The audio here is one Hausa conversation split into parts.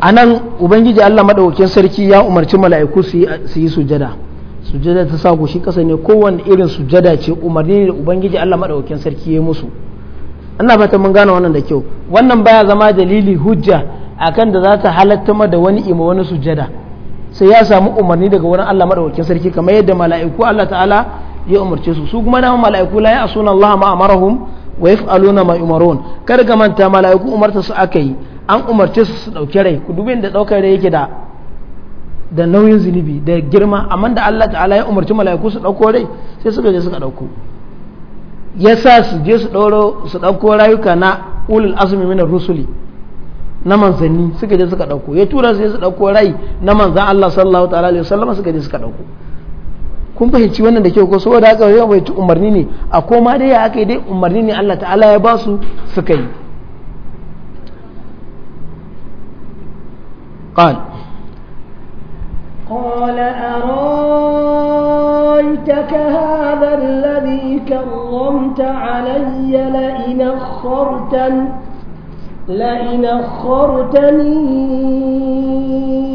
Anan nan ubangiji allah maɗaukakin sarki ya umarci mala'iku su yi sujada sujada ta sa shi ƙasa ne kowane irin sujada ce umarni ne da ubangiji allah maɗaukakin sarki ya musu ana fata mun gane wannan da kyau wannan baya zama dalili hujja akan da za ta halatta da wani ima wani sujada sai ya samu umarni daga wurin allah maɗaukakin sarki kamar yadda mala'iku allah ta'ala ya umarce su su kuma dama mala'iku la ya asuna allah ma amarahum wa yaf'aluna ma yumarun kar ga manta mala'iku umarta su aka yi an umarce su su ɗauki rai ku dubi da ɗaukar rai yake da da nauyin zunubi da girma amma da Allah ta'ala ya umarci mala'iku su ɗauko rai sai suka je suka ɗauko ya sa su je su ɗauro su ɗauko rayuka na ulul azumi min rusuli na manzanni suka je suka ɗauko ya tura su je su ɗauko rai na manzan Allah sallallahu ta'ala alaihi wasallam suka je suka ɗauko kun fahimci wannan da kyau ko saboda haka yau bai umarni ne a koma dai ya aka yi dai umarni ne Allah ta'ala ya ba su suka yi قال قال أرايتك هذا الذي كرمت علي لئن أخرتني لئن أخرتني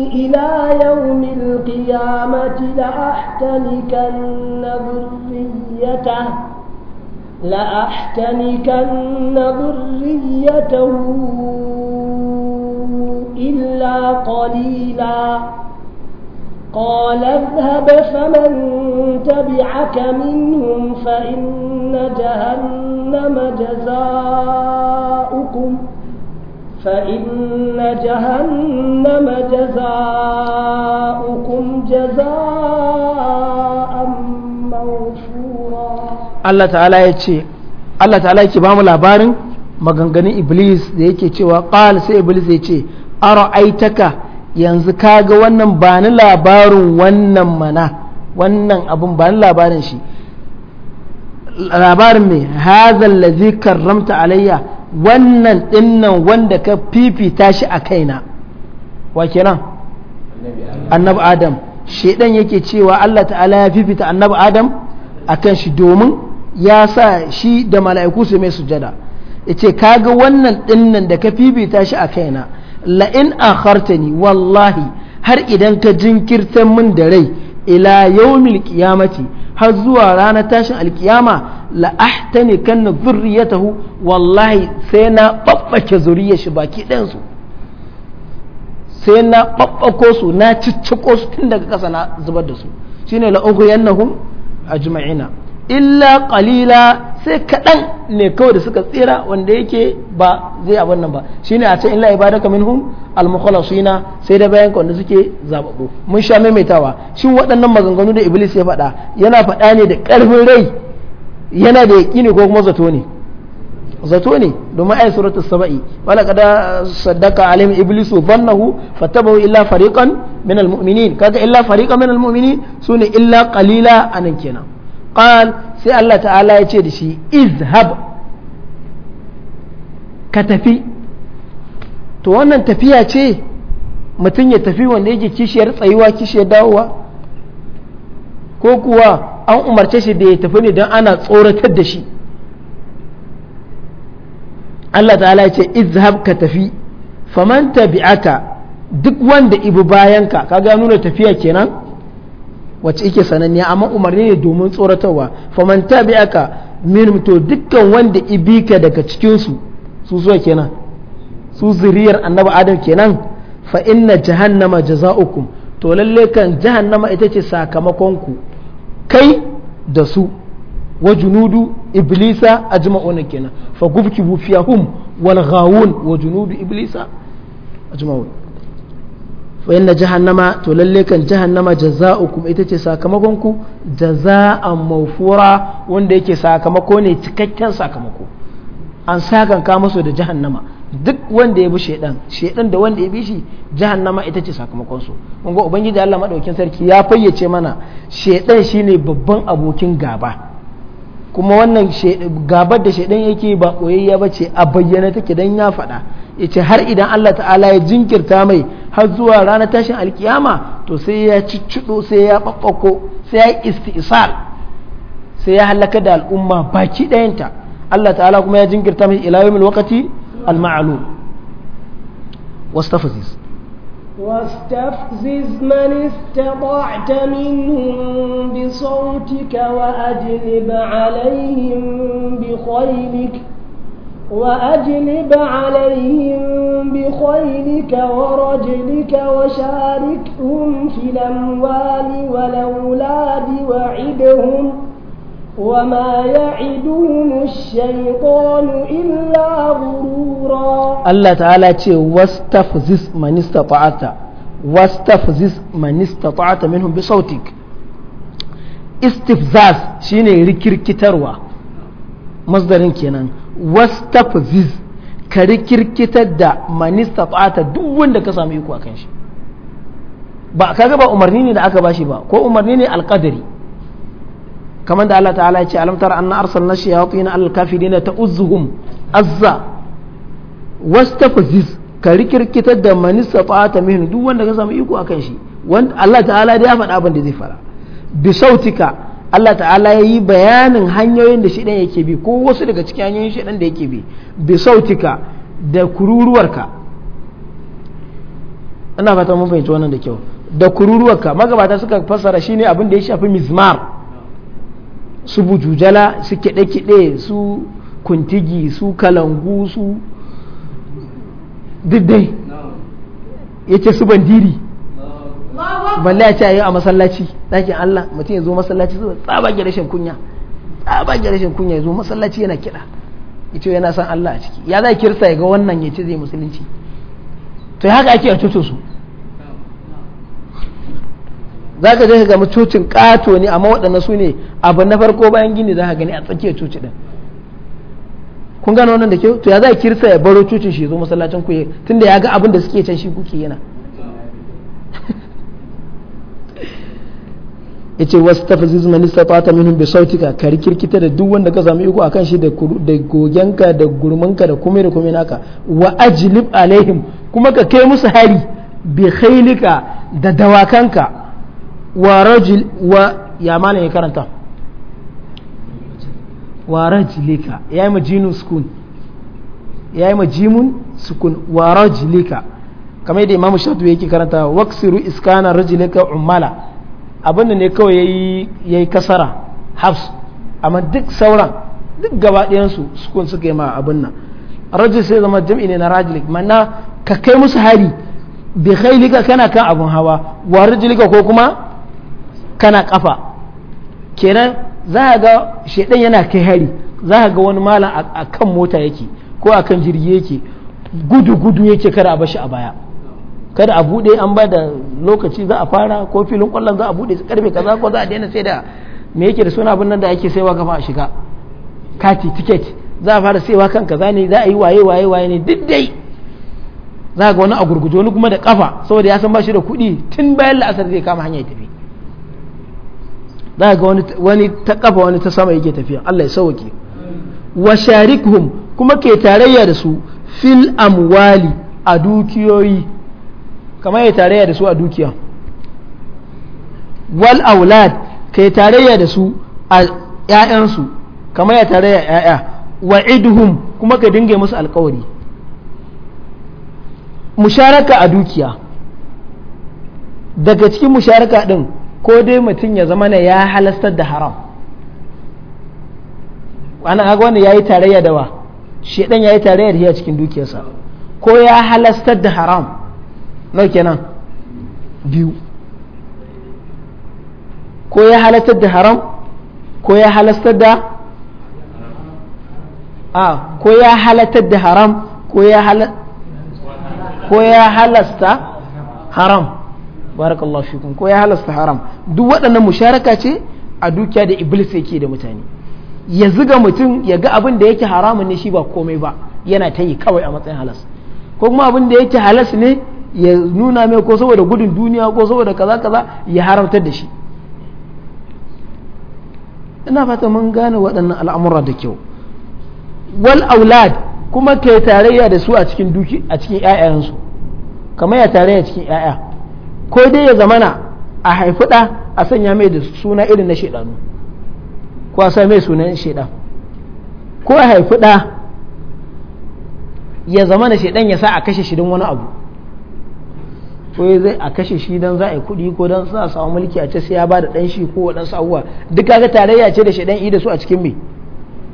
إلى يوم القيامة لأحتنكن ذريته لأحتنكن ذريته إلا قليلا قال اذهب فمن تبعك منهم فإن جهنم جزاؤكم فإن جهنم جزاؤكم جزاء موفورا Allah ta'ala ya ce Allah ta'ala yake ba mu labarin maganganun iblis da yake cewa qal sai iblis ya ce ara'aitaka yanzu kaga wannan ba ni labarin wannan mana wannan abun ba ni labarin shi labarin mai hazan lazi karramta alayya wannan dinnan wanda ka fifita shi a kaina wa kenan annabi adam shedan yake cewa Allah ta'ala ya fifita annabi adam akan shi domin ya sa shi da mala'iku su mai sujada ce kaga wannan dinnan da ka fifita shi a kaina la'in a hartani wallahi har idan ka jinkirta min da rai ila yawmil qiyamati har zuwa ranar tashin alkiyama la ahtani kanna tahu wallahi sai na ɓaɓɓake zuriyar shi baki ɗansu sai na ɓaɓɓako su na cicciko su tun daga ƙasa na zubar da su shine la a ajma'ina illa qalila sai kaɗan ne kawai da suka tsira wanda yake ba zai abin nan ba shine a ce illa ibadaka minhum al-mukhlasina sai da bayan wanda suke zababbu mun sha maimaitawa shin waɗannan maganganu da iblis ya faɗa yana faɗa ne da ƙarfin rai yana da yaƙini ko kuma zato ne zato ne domin ai suratu saba'i wala kada saddaka alim iblisu dhannahu fatabahu illa fariqan min al kaga illa fariqan min al sune illa qalila anan kenan qal sai Allah ta'ala ya ce da shi izhab ka tafi to wannan tafiya ce mutum ya tafi wanda yake kishiyar tsayuwa kishiyar dawowa ko kuwa an umarce shi da ya tafi ne don ana tsoratar da shi Allah ta'ala ya ce izhab ka tafi faman tabi'aka duk wanda ibi bayanka ka ga nuna tafiya kenan wacce ike sananniya amma umarni ne domin tsoratarwa faman tabi'aka min to dukkan wanda ibika daga cikin su su zuwa kenan su zuriyar annabi adam kenan fa inna jahannama jaza'ukum to lalle kan jahannama ita ce sakamakon ku kai da su wa junudu iblisa ajma'una kenan fa gubki fiyahum wal ghawun wa junudu iblisa ajma'una fa inna jahannama to lalle kan jahannama jaza'ukum ita ce sakamakon ku jaza'an mawfura wanda yake sakamako ne cikakken sakamako an sakan ka musu da jahannama duk wanda ya bi shedan shedan da wanda ya bi shi jahannama ita ce sakamakon su kun ga ubangiji Allah madaukin sarki ya fayyace mana shedan shine babban abokin gaba kuma wannan gabar da shedan yake ba koyayya bace a bayyana take dan ya faɗa yace har idan Allah ta'ala ya jinkirta mai har zuwa ranar tashin alkiyama to sai ya ciccido sai ya babbako sai ya istisal sai ya halaka da al'umma baki ɗayanta Allah ta'ala kuma ya jinkirta mai ila yawmil waqti al ma'lum wastafziz واستفزز من استطعت منهم بصوتك وأجلب عليهم بخيلك وأجلب عليهم بخيلك ورجلك وشاركهم في الأموال والأولاد وعدهم وما يعدهم الشيطان إلا غرورا الله تعالى واستفزز من استطعت واستفزز من استطعت منهم بصوتك استفزاز شيني ركركتروا مصدرين كينان wastafziz kari rikirkitar da manista ta duk wanda ka samu iko a kan shi ba kaga ba umarni ne da aka bashi ba ko umarni ne alkadari kamar da Allah ta'ala ya ce alam tara anna na shayatin al kafirina ta'uzzuhum azza wastafziz kari rikirkitar da manista ta mihnu duk wanda ka samu iko a kan shi Allah ta'ala da ya faɗa abin da zai fara bi sautika Allah ta'ala ya yi bayanin hanyoyin da shiɗan yake bi ko wasu daga cikin hanyoyin shiɗan da yake bi bi sautika da kururuwarka ina fata mun fahimci wannan da kyau da kururuwarka magabata suka fassara shine abin da ya shafi mizmar su bujujala su kiɗe-kiɗe su kuntigi su kalangu su diddai yace su bandiri balle ya ce a yi a masallaci ɗakin Allah mutum ya zo masallaci zuwa tsabagen rashin kunya tsabagen rashin kunya ya zo masallaci yana kiɗa ita yana son Allah a ciki ya za kirsa ya ga wannan ya ce zai musulunci to haka ake a cuto su za ka je ka gama cocin ƙato ne amma waɗannan su ne abu na farko bayan gini za ka gani a tsakiyar coci ɗin kun gano wannan da kyau to ya za kirsa ya baro cocin shi ya zo masallacin ku tunda ya ga abin da suke can shi kuke yana yace wasu man istata minhum bi sautika ka rikirkita da duk wanda ka samu iko akan shi da da gogenka da gurmanka da kuma da kuma naka wa ajlib alaihim kuma ka kai musu hari bi khailika da dawakanka wa rajul wa ya mana ya karanta wa rajulika yayi majinun sukun yayi majimun sukun wa rajulika kamar da imamu shatu yake karanta waksiru iskana rajulika ummala abin da ne kawai ya yi kasara hafs amma duk sauran duk gaba ɗayansu sukun suka yi ma abin nan rajul sai zama jam'i ne na rajulik mana ka kai musu hari bi khailika kana kan abun hawa wa rajilika ko kuma kana kafa kenan za ga shedan yana kai hari za ga wani malam a kan mota yake ko a kan jirgi yake gudu gudu yake kada a bashi a baya kada a bude an ba da lokaci za a fara ko filin kwallon za a bude su karfe kaza ko za a daina sai da me yake da suna abin nan da ake saiwa kafa a shiga kati ticket za a fara saiwa kan kaza ne za a yi waye waye waye ne duk dai za ga wani a gurguje wani kuma da kafa saboda ya san ba shi da kuɗi tun bayan la'asar zai kama hanya tafi za ga wani ta kafa wani ta sama yake tafiya Allah ya sauke wa sharikhum kuma ke tarayya da su fil amwali a dukiyoyi kamar ya tarayya da su a dukiya wal aulad kai tarayya da su a ƴaƴansu kamar ya tarayya ƴaƴa wa iduhum kuma ka dinga musu alƙawari musharaka a dukiya daga cikin musharaka din ko dai mutum ya zama ne ya halastar da haram ana ga wanda yayi tarayya da wa shedan yayi tarayya da shi a cikin dukiyarsa ko ya halastar da haram nau kenan biyu ko ya halartar da haram ko ya halartar da a ko ya halartar da haram ko ya halasta haram barakallahu ko ya halasta haram duk waɗannan musharaka ce a dukiya da iblis yake da mutane ya zuga mutum ya ga abin da yake haramun ne shi ba komai ba yana ta yi kawai a matsayin halas ko kuma abin da yake halas ne ya nuna mai ko saboda gudun duniya ko saboda kaza kaza ya haramtar da shi ina fata mun gane waɗannan al'amura da kyau wal aulad kuma yi tarayya da su a cikin duki a cikin 'ya'yansu kamar ya tarayya cikin ƴaƴa ko dai ya zamana a haifi ɗa a sanya mai da suna irin na shaidanu ko a sa mai sunan shaidan ko a haifi ɗa ya zamana shaidan ya sa a kashe shi don wani abu ko zai a kashe shi dan za a yi kuɗi ko dan sa samu mulki a ce sai ya ba da ɗan shi ko waɗansu abubuwa duk kaga tarayya ce da shaidan i da su a cikin me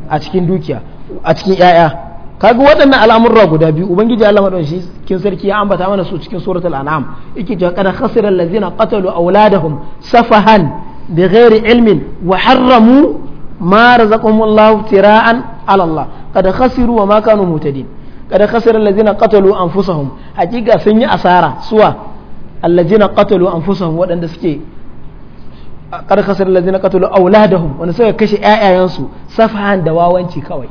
a cikin dukiya a cikin ƴaƴa kaga waɗannan al'amurra guda biyu ubangiji Allah madan shi cikin sarki ya ambata mana su cikin suratul an'am yake cewa qad khasira allazina qatalu awladahum safahan bighairi ilmin wa harramu ma razaqahumullahu tira'an ala Allah qad khasiru wa ma kanu mutadin lazina khasira an qatalu anfusahum hakika sun yi asara suwa allazina qatalu anfusahum waɗanda suke qad khasara allazina qatalu auladahum wanda suka kashe ƴaƴayensu safahan da wawanci kawai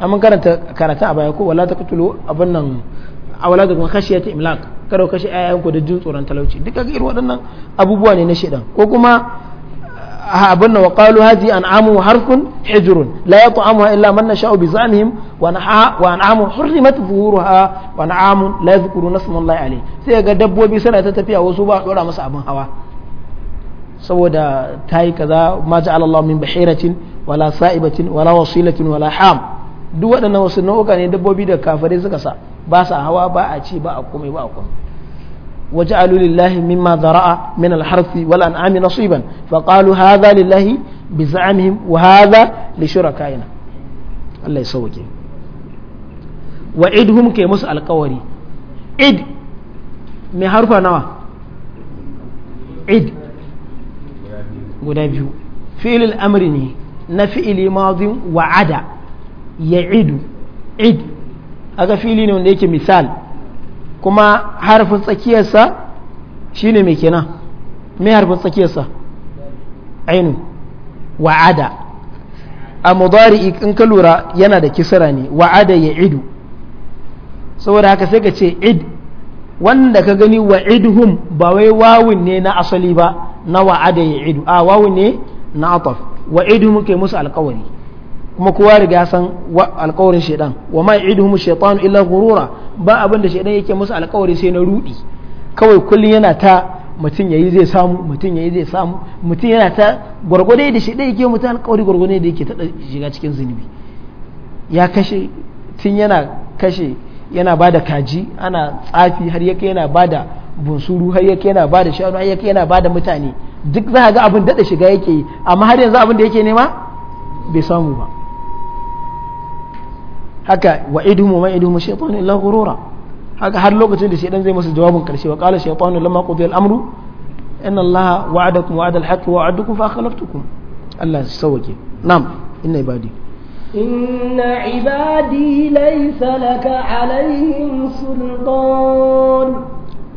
amma karanta karatu a baya ko wala taqtulu abin nan auladakum khashiyati imlak karo kashe ƴaƴayenku da jin tsoron talauci duka irin waɗannan abubuwa ne na shedan ko kuma abinna wa qalu an an'amu harfun hijrun la yat'amuha illa man nasha'u bi zanihim wa an'amu hurrimat zuhuruha wa an'amu la yadhkuruna ismallahi alayh sai ga dabbobi suna ta tafiya wasu ba dora masa abin hawa saboda tayi kaza ma ja'ala Allah min bahiratin wala sa'ibatin wala wasilatin wala ham duk waɗannan wasu nau'uka ne dabbobi da kafirai suka sa ba sa hawa ba a ci ba a komai ba a komai وجعلوا لله مما ذرأ من الحرث والأنعام نصيبا فقالوا هذا لله بزعمهم وهذا لشركائنا الله يسوك وعدهم كي مسأل قوري عد من حرف نوع عد غدابيو فعل الأمر ني نفعل ماضي وعد يعد عد هذا فعل ne wanda yake misal kuma harfin tsakiyarsa shi ne mai kenan mai harfin tsakiyarsa ainu wa'ada a mudari in ka lura yana da kisira ne wa'ada ya idu saboda haka sai ka ce id wanda ka gani wa idhum ba wai wawun ne na asali ba na wa'ada ya idu a wawun ne na atof wa idhum kai musu alkawari kuma kowa riga ya san alkawarin shaidan wa ma ya'iduhum shaitanu illa ghurura ba abin da shaidan yake musu alkawari sai na rudi kawai kullun yana ta mutum yayi zai samu mutum yayi zai samu mutum yana ta gurgurai da shaidan yake mutum alkawari gurgurai da yake ta shiga cikin zunubi ya kashe tun yana kashe yana bada kaji ana tsafi har yake yana bada bunsuru har yake yana bada shanu har yake yana bada mutane duk za ga abin daɗa shiga yake yi amma har yanzu abin da yake nema bai samu ba haka wa idhum wa idhum shaytanu illa ghurura haka har lokacin da shaytan zai masa jawabin karshe wa qala shaytanu lamma qudiya al-amru inna allaha wa'adakum wa'ada al-haqqi wa wa'adukum fa akhlaftukum Allah sauke na'am inna ibadi إن عبادي ليس لك عليهم سلطان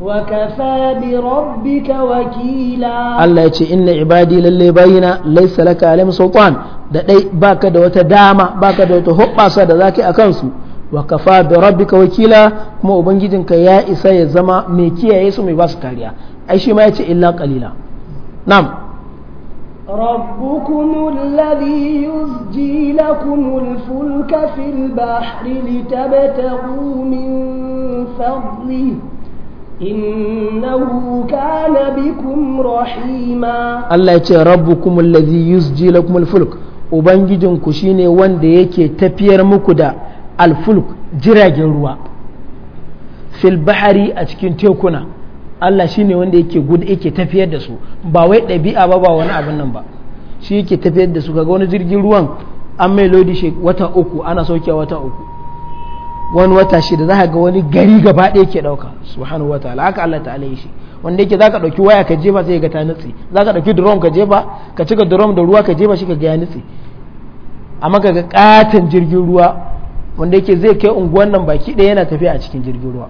وكفى بربك وكيلا الله يجي إن عبادي للي بينا ليس لك عليهم سلطان da dai baka da wata dama baka da wata hoɓasa da zaki a kansu wa kafa bi rabbika wakila kuma ubangijinka ya isa ya zama mai kiyaye su mai ba su kariya ai shi ma yace illa qalila na'am ربكم الذي يزجي لكم الفلك في البحر لتبتغوا من فضله innahu kana bikum rahima Allah ya ce rabbukum allazi yusji lakum alfulk ubangijinku shine wanda yake tafiyar muku da alfulk jiragen ruwa fil bahari a cikin tekuna Allah shine wanda yake gud tafiyar da su ba wai ɗabi'a ba ba wani abin nan ba shi yake tafiyar da su kaga wani jirgin ruwan an mai lodi wata uku ana sauke wata uku wani wata shida za ga wani gari gaba ɗaya ke ɗauka subhanahu wata haka Allah ta'ala yi shi wanda yake ka ɗauki waya ka jefa sai ga ta nutse ka ɗauki drum ka jefa ka cika drum da ruwa ka jefa shi ka ga ya nutse amma ka ga katon jirgin ruwa wanda yake zai kai unguwan nan baki ɗaya yana tafiya a cikin jirgin ruwa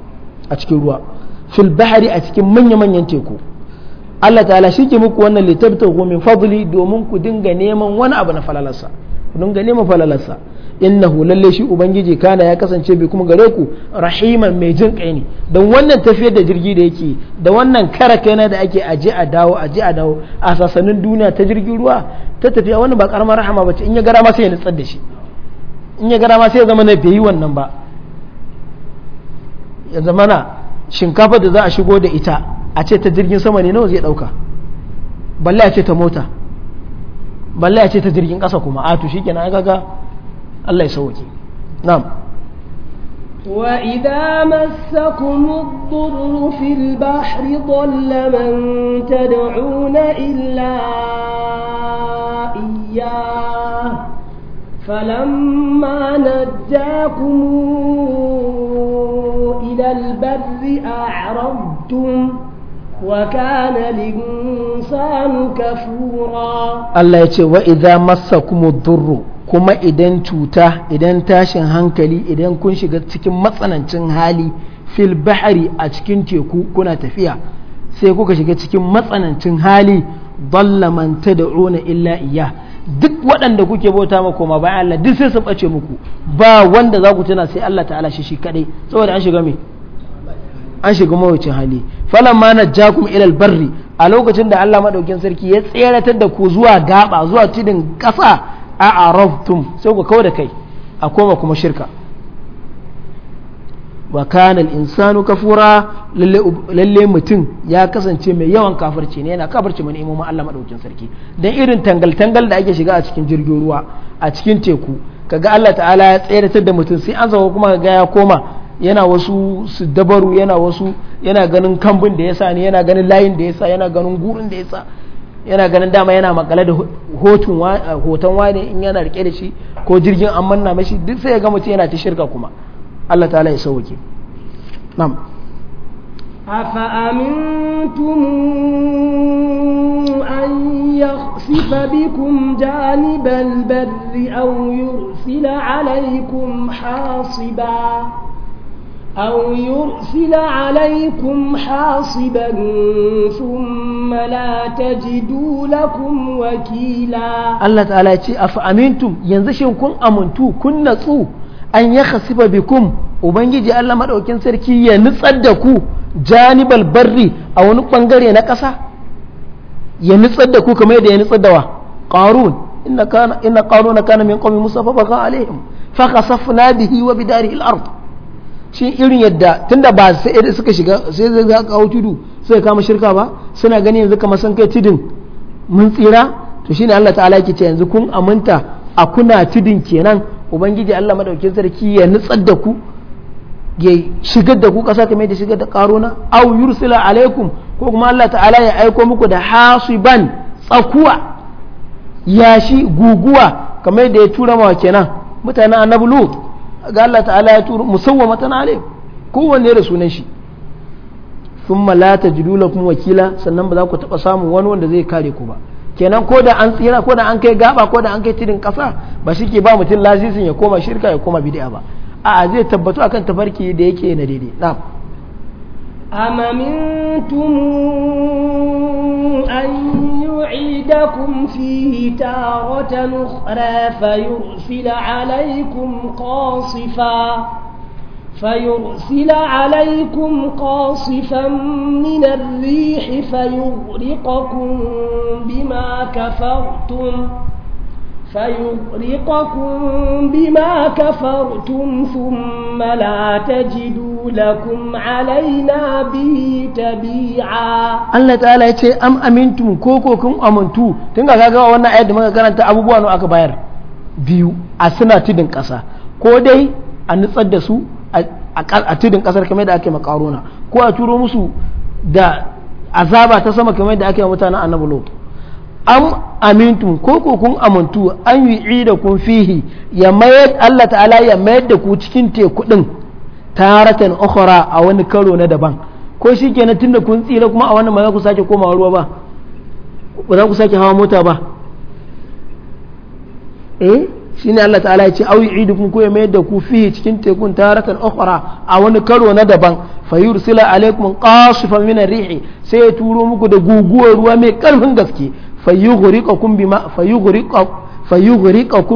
a cikin ruwa fil bahari a cikin manya-manyan teku Allah ta'ala shi ke muku wannan litabta min fadli domin ku dinga neman wani abu na falalarsa kun gane ma falalarsa innahu lalle shi ubangiji kana ya kasance bi kuma gare ku rahiman mai jin kai ne don wannan tafiyar da jirgi da yake da wannan kara kaina da ake aje a dawo aje a dawo a sasanin duniya ta jirgin ruwa ta tafiya wannan ba karamar rahama ba ce. in ya gara ma sai ya nutsar da shi in ya gara ma sai ya zama na bai wannan ba ya zama na shinkafa da za a shigo da ita a ce ta jirgin sama ne nawa zai dauka balle a ce ta mota balle ya ce ta jirgin kasa kuma a to kenan ga ga Allah ya sauke na'am وإذا مسكم الضر في البحر ضل من تدعون إلا إياه فلما نجاكم إلى البر أعرضتم وكان الإنسان كفورا الله يقول وإذا مسكم الضر kuma idan cuta idan tashin hankali idan kun shiga cikin matsanancin hali fil bahari a cikin teku kuna tafiya sai kuka shiga cikin matsanancin hali ballamanta da rona illa iya duk waɗanda kuke bauta ma koma bayan Allah duk sai su ɓace muku ba wanda za ku sai Allah ta'ala shi shi kaɗai saboda an shiga me an shiga hali falamma najjakum ilal barri a lokacin da Allah madaukin sarki ya tseratar da ku zuwa gaba zuwa tudun ƙasa a araftum sai ku kawo da kai a koma kuma shirka wa kana al-insanu kafura lalle mutum ya kasance mai yawan kafirci ne yana kafirci mai imomin Allah maɗaukin sarki dan irin tangal tangal da ake shiga a cikin jirgin ruwa a cikin teku kaga Allah ta'ala ya tseratar da mutum sai an zama kuma ga ya koma yana wasu su dabaru yana wasu yana ganin kambun da ya sa ne yana ganin layin da ya sa yana ganin gurin da ya sa yana ganin dama yana makale da hoton wane in yana rike da shi ko jirgin an manna mashi duk sai ya ga mutum yana ta shirka kuma Allah ta'ala ya sauke na'am أفأمنتم أن يخسف بكم جانب البر أو يرسل عليكم حاصباً أو يرسل عليكم حاصبا ثم لا تجدوا لكم وكيلا الله تعالى يقول أفأمنتم ينزشن كن أمنتو كن نسو أن يخسف بكم وبنجي الله مدعوكين سركي ينصدكو جانب البر أو نقنقر نكسا ينصدكو كما يدي ينصدوا قارون إن, كان إن قارون كان من قوم موسى فبغى عليهم فخسفنا به وبداره الأرض shi irin yadda tunda ba sai suka shiga sai zai ga kawo tudu suka kama shirka ba suna gani yanzu kamar sun kai tudun mun tsira to shine Allah ta'ala yake ce yanzu kun aminta a kuna tudun kenan ubangiji Allah madaukin sarki ya nutsar da ku ya shigar da ku kasa kamar da shigar da karuna aw yursila alaikum ko kuma Allah ta'ala ya aiko muku da hasiban tsakuwa yashi guguwa kamar da ya tura mawa kenan mutanen annabi lut ga Allah ta'ala ya turo musawwamatan alayhim kowanne da sunan shi thumma la tajidu lakum wakila sannan ba za ku taba samun wani wanda zai kare ku ba kenan ko da an tsira ko da an kai gaba ko da an kai tidin kasa ba shi ke ba mutum lazisin ya koma shirka ya koma bid'a ba a'a zai tabbatu akan tafarki da yake na daidai na'am أمنتم أن يعيدكم فيه تارة أخرى فيرسل عليكم قاصفا فيرسل عليكم قاصفا من الريح فيغرقكم بما كفرتم فيغرقكم بما كفرتم ثم لا تجدوا لكم علينا به تبيعا الله تعالى يتي أم أمنتم كوكو كم أمنتو تنقى كاكا وانا عيد مكا كانت أبوبوا أنو أكباير biyu a suna tudun ƙasa ko dai a nutsar da su a tudun kasar kamar da ake makarona ko a turo musu da azaba ta sama kamar da ake mutanen annabi lot am amintum ko ko kun amantu an yi ida kun fihi ya mayar Allah ta'ala ya mayar da ku cikin teku din taratan ukhra a wani karo na daban ko shi kenan tunda kun tsira kuma a wannan ba za ku sake komawa ruwa ba ba za ku sake hawa mota ba eh ne Allah ta'ala ya ce au yu'idukum ko ya mayar da ku fihi cikin tekun taratan ukhra a wani karo na daban yursila alaikum qasifan min rihi sai ya turo muku da guguwar ruwa mai karfin gaske fayyugurikakun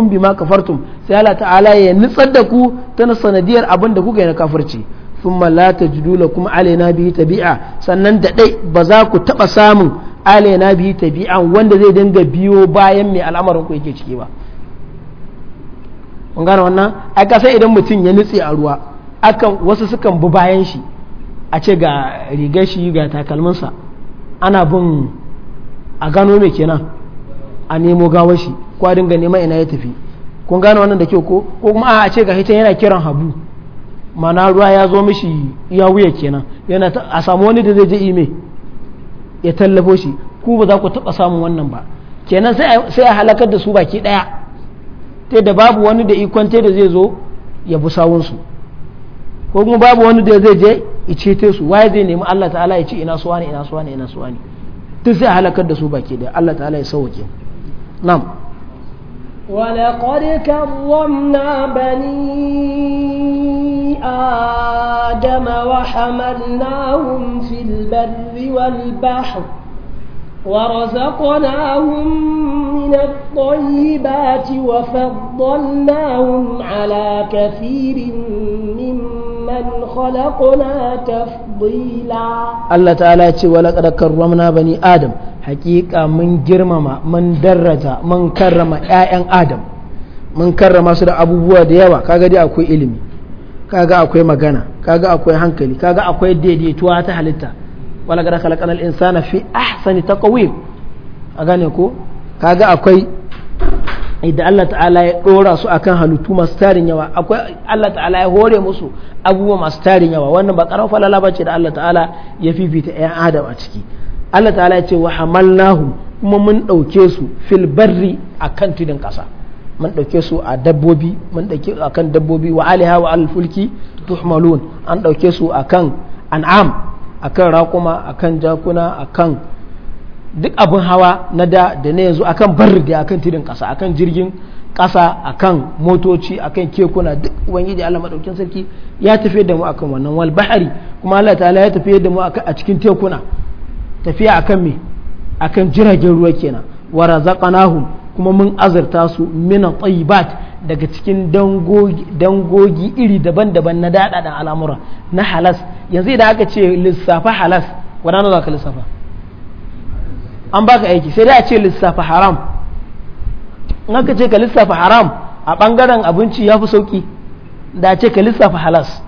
bi ma kafartum sai Allah ta'ala ya nitsar da ku ta sanadiyar abin da kuka yi na kafirci thumma la tajidu lakum alaina bi tabi'a sannan da dai ba za ku taba samun alaina bi tabi'a wanda zai dinga biyo bayan mai al'amarin ku yake ciki ba kun gane wannan ai ka idan mutum ya nutse a ruwa akan wasu sukan bi bayan shi a ce ga rigar shi ga takalminsa ana bin a gano mai kenan a nemo gawar shi ko a dinga nema ina ya tafi kun gano wannan da kyau ko ko kuma a ce ga hitan yana kiran habu mana ruwa ya zo mishi ya wuya kenan yana a samu wani da zai je ime ya tallafo shi ku ba za ku taba samun wannan ba kenan sai a halakar da su baki daya ta da babu wani da ikon da zai zo ya bi sawunsu ko kuma babu wani da zai je ice su waye zai nemi Allah ta'ala ya ce ina suwa ne ina suwa ne ina suwa ne duk على halakar da su baki da Allah ta'ala ya sauke nam ولقد كرمنا بني آدم وحملناهم في البر والبحر ورزقناهم من الطيبات وفضلناهم على كثير ممن ممن خلقنا تفضيلا الله تعالى ولقد كرمنا بني آدم حقيقة من جرمما من درجة من كرم آيان آدم من كرم سر أبو بوا ديوا كاقا دي أكوي إلمي كاقا أكوي مغانا كاقا أكوي هنكلي كاقا أكوي دي دي تواتي حالتا ولقد خلقنا الإنسان في أحسن تقويم أغاني كو كاقا أكوي idan Allah ta'ala ya ɗora su akan halittu masu tarin yawa akwai Allah ta'ala ya hore musu abubuwa masu tarin yawa wannan ba ƙarar falala ba ce da Allah ta'ala ya fifita 'yan adam a ciki Allah ta'ala ya ce wa hamalnahu kuma mun ɗauke su fil barri akan tudun ƙasa mun ɗauke su a dabbobi mun ɗauke su akan dabbobi wa aliha wa alfulki tuhmalun an ɗauke su akan an'am akan raƙuma akan jakuna akan duk abin hawa na da da na yanzu akan barriga akan tidin kasa akan jirgin kasa akan motoci akan kekuna duk ubangiji Allah madaukin sarki ya tafi da mu akan wannan wal bahari kuma Allah ta'ala ya tafi da mu a cikin tekuna tafiya akan me akan jiragen ruwa kenan wa razaqnahum kuma mun azurta su min tayyibat daga cikin dangogi dangogi iri daban-daban na dadadan al'amura na halas yanzu idan aka ce lissafa halas wadana za ka lissafa an baka aiki sai dai a ce lissafa haram in aka ce ka lissafa haram a bangaren abinci ya fi sauki da a ce ka lissafa halas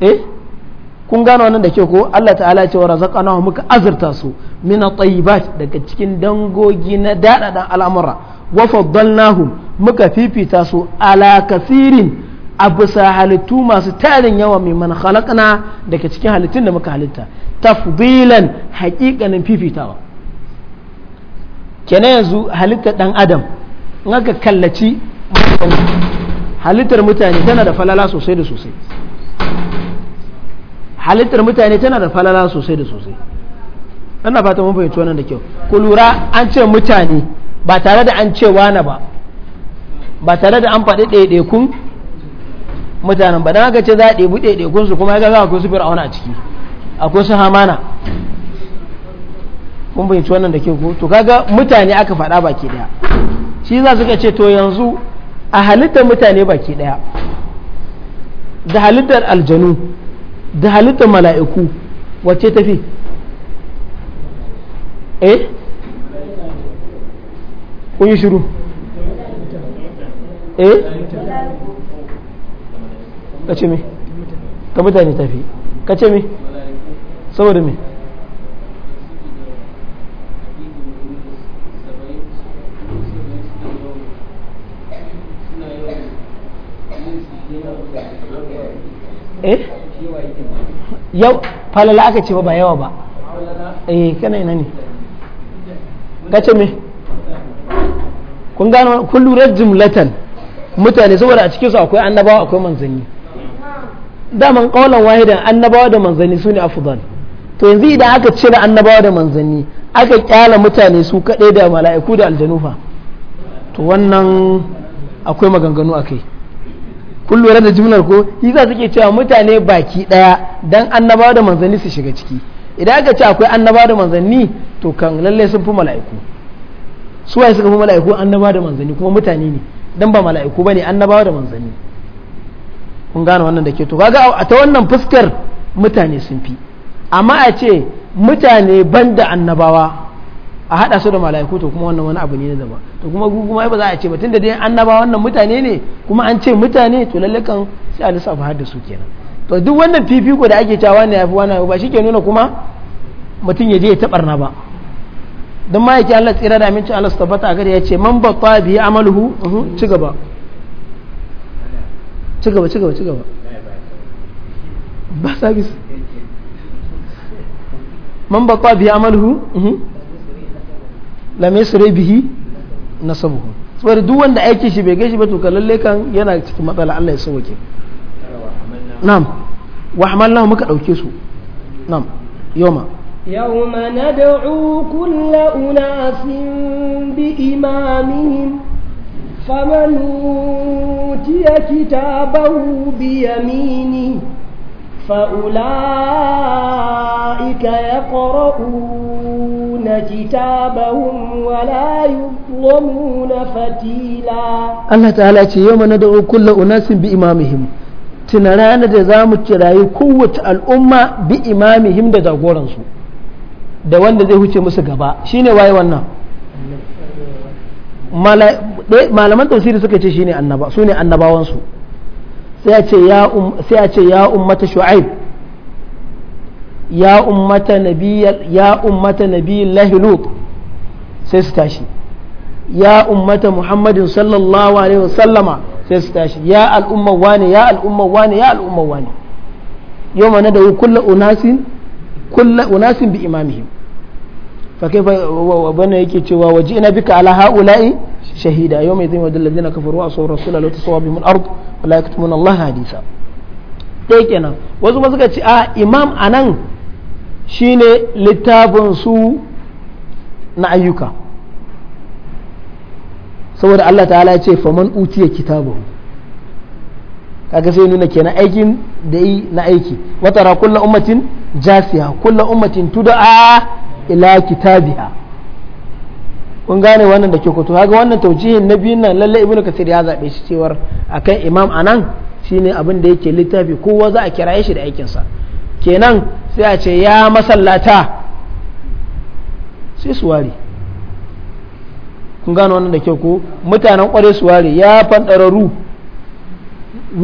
eh kun gano wannan da ke ko Allah ta'ala ce wa razaqana muka azurta su min at-tayyibat daga cikin dangogi na dadadan al'amura wa faddalnahum muka fifita su ala kasirin a bisa halittu masu tarin yawa mai mana halakana daga cikin halittun da muka halitta tafdilan haƙiƙanin fifitawa kenan yanzu halittar ɗan adam in aka kallaci halittar mutane tana da falala sosai da sosai halittar mutane tana da falala sosai da sosai ina fata mun fahimci wannan da kyau ku lura an ce mutane ba tare da an ce wani ba ba tare da an faɗi ɗaiɗaikun mutanen ba don haka ce za a ɗebi ɗaiɗaikun su kuma ya ga akwai su fir'auna a ciki akwai su hamana kun bayyanci wannan da ke ku to kaga mutane aka faɗa baki ɗaya shi za suka ce to yanzu a halittar mutane baki ɗaya da halittar aljanu da halittar mala'iku wacce tafi eh kun yi shiru eh ka ce me ka mutane tafi ka ce me saboda me eh yau falala aka ce ba yawa ba eh kana ina ne kace me kun gano kullu lura jumlatan mutane saboda a cikin su akwai annabawa akwai manzanni daman kawalan wahidan annabawa da manzanni su ne afudal to yanzu idan aka cire annabawa da manzanni aka kyala mutane su kaɗai da mala'iku da aljanufa to wannan akwai maganganu a kai kun lura da jimlar ko yi za su ke cewa mutane baki ɗaya don annabawa da manzanni su shiga ciki idan aka ce akwai annabawa da manzanni to kan lallai sun fi mala'iku su waye suka fi mala'iku annabawa da manzanni kuma mutane ne don ba mala'iku ba ne annabawa da manzanni kun gane wannan da ke to kaga a ta wannan fuskar mutane sun fi amma a ce mutane banda annabawa a hada su da mala'iku to kuma wannan wani abu ne na ba to kuma kuma ba za a ce ba tunda dai annabawa wannan mutane ne kuma an ce mutane to lalle sai a lissafa har da su kenan to duk wannan fifiko da ake cewa wannan yafi wannan ba shike nuna kuma mutum ya je ya na ba dan ma yake Allah tsira da amincin Allah tabbata a gare ya ce man batta bi amaluhu mhm, ci gaba ci gaba ci gaba ci gaba ba sabis man ba kwa biya amalhu mhm. lam yasri bihi na nasabuhu saboda duk wanda aiki shi bai gashi ba to lalle kan yana cikin matsala Allah ya sauke na'am wa hamalnahu muka dauke su na'am yoma yawma nad'u kullu unasin bi imamihim فمن أوتي كتابه بيمينه فأولئك يقرؤون كتابهم ولا يظلمون فتيلا الله تعالى يوم ندعو كل أناس بإمامهم tunanin da za mu kirayi kowace al'umma bi imamihim da jagoransu da wanda zai huce musu gaba shine waye wannan malaman tafsiri suka ce shine annaba su ne annabawansu sai a ce ya um, ce ya ummata shu'aib ya ummata nabiyal ya ummata sai su tashi ya ummata muhammadin sallallahu alaihi wasallama sai su tashi ya al'umma wani ya al'umma wani ya al'umma wani yau mana da kullu unasin kullu unasin bi imamihim fa kai bana yake cewa waje ina bika ala haula'i shahida yau mai zai wajen lalzina kafar wa sau rasula la ta sawabi mun ard wala ya kutumun Allah hadisa kenan wasu ba suka ce a imam anan shine littafin su na ayyuka saboda Allah ta'ala ya ce faman utiya kitabu kaga sai nuna kenan aikin da yi na aiki watara kullu ummatin jasiya kullu ummatin tudu'a. ila kitabiha kun gane wannan da ke kuto haka wannan taujihin na biyun nan lalle ibnu kasir ya zaɓe shi cewar akan imam anan shine abin da yake littafi kowa za a kira shi da aikinsa kenan sai a ce ya masallata sai su ware kun gane wannan da ke ko mutanen kware su ware ya fanɗararru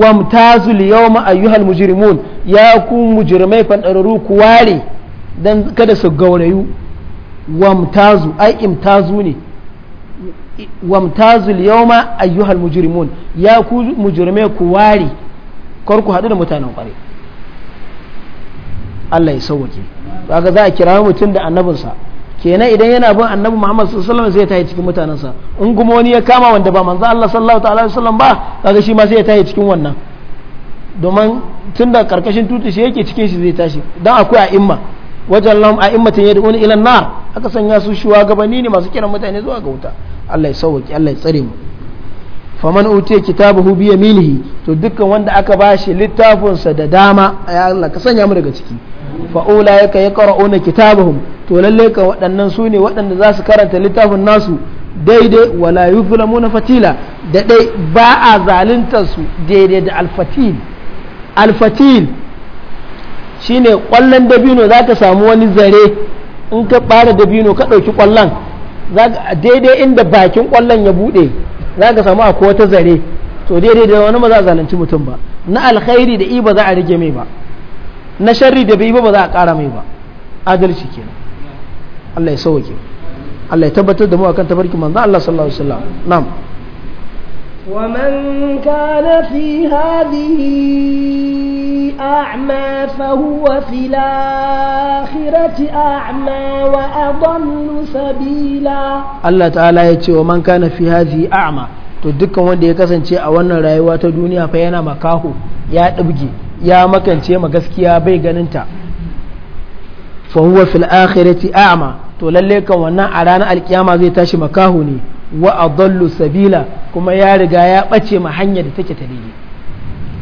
wamtazul yawma ayyuhal mujrimun ya ku mujrimai fanɗararu ku ware don kada su gaurayu wamtazu ai imtazu ne wamtazu yawma ayyuhal mujrimun ya ku mujrime ku wari kar ku hadu da mutanen ƙware Allah ya sauwake kaga za a kira mutum da annabinsa kenan idan yana bin annabi Muhammad sallallahu alaihi wasallam sai ya tayi cikin mutanensa in kuma wani ya kama wanda ba manzo Allah sallallahu ta'ala alaihi wasallam ba kaga shi ma zai ya cikin wannan domin tunda karkashin tutu shi yake cikin shi zai tashi dan akwai a imma wajen lam a immatin ya da'una ilan nar aka sanya su shuwagabanni ne masu kiran mutane zuwa ga wuta Allah ya sauwaki Allah ya tsare mu faman utiya kitabahu bi milihi to dukkan wanda aka ba shi littafinsa da dama ya Allah ka sanya mu daga ciki fa ulaika yaqra'una kitabahum to lalle ka waɗannan su ne waɗanda za su karanta littafin nasu daidai wala yuzlamuna fatila da dai ba a zalunta su daidai da alfatil alfatil shine kwallon dabino za ka samu wani zare in ka ɓare dabino ka ɗauki kwallon daidai inda bakin kwallon ya buɗe za ka samu akwai wata zare to daidai da wani ba za a zalunci mutum ba na alkhairi da i ba za a rage mai ba na sharri da bai ba za a ƙara mai ba adalci kenan Allah ya sauke Allah ya tabbatar da mu akan tabarkin manzon Allah sallallahu alaihi wasallam na'am man كان fi هذه أعمى فهو في الآخرة أعمى وأضل سبيلا الله تعالى يتي ومن كان في هذه أعمى to dukkan wanda ya kasance a wannan rayuwa ta duniya fa yana makaho ya ɗabge ya makance ma gaskiya bai ganinta fa huwa fil akhirati a'ma to lalle kan wannan a ranar alkiyama zai tashi makaho ne wa adallu sabila kuma ya riga ya ɓace ma hanyar da take ta daidai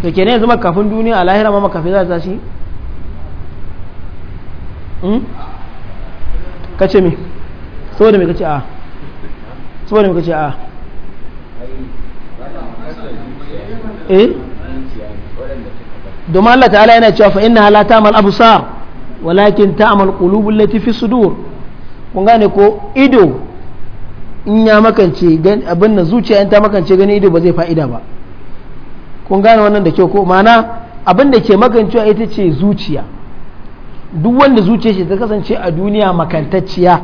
to ke ne zama kafin duniya a lahira ma makafi za ta shi hmm? kace me saboda me kace a saboda me kace a eh domin Allah ta'ala yana cewa fa inna la ta'mal absar walakin ta'mal qulubul lati fi sudur kun gane ko ido in ya makance abin nan zuciya in ta makance gani ido ba zai fa'ida ba kun gane wannan da kyau ko mana abin da ke magancewa ita ce zuciya duk wanda zuciya shi ta kasance a duniya makantacciya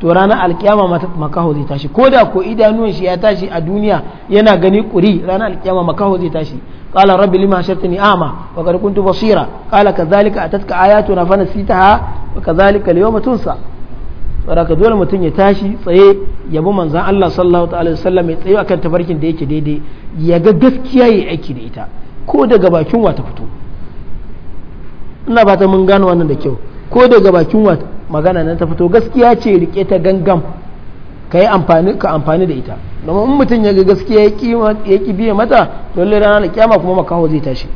to ranar alkiyama makaho zai tashi ko da ko idanuwan shi ya tashi a duniya yana gani kuri ranar alkiyama makaho zai tashi kala rabbi lima shartani ama wa qad kuntu basira qala kadhalika atatka ayatuna fa nasitaha wa kazalika al-yawma tunsa saboda dole mutum ya tashi tsaye ya bi manzan Allah sallallahu ta'ala wasallam ya tsaye akan tafarkin da yake daidai ya ga gaskiya ya aiki da ita ko daga bakin wa ta fito ina ba ta mun gano wannan da kyau ko daga bakin wa magana nan ta fito gaskiya ce rike ta gangam ka yi amfani ka amfani da ita domin in mutum ya ga gaskiya ya ya biye mata to lallai rana da kyama kuma makaho zai tashi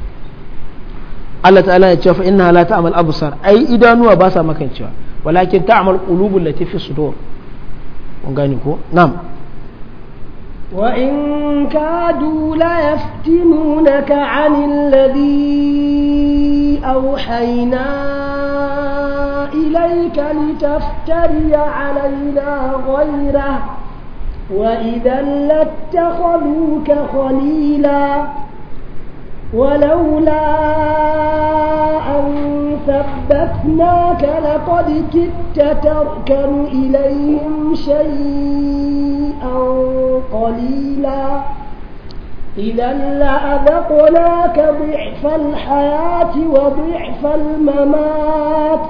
Allah ta'ala ya ce fa inna la ta'mal absar ai idanuwa ba sa makancewa ولكن تعمل القلوب التي في الصدور kun gane نعم. وإن كادوا ليفتنونك عن الذي أوحينا إليك لتفتري علينا غيره وإذا لاتخذوك خليلا ولولا أن ثبتناك لقد كدت تركن إليهم شيئا قليلا إذا لأذقناك ضعف الحياة وضعف الممات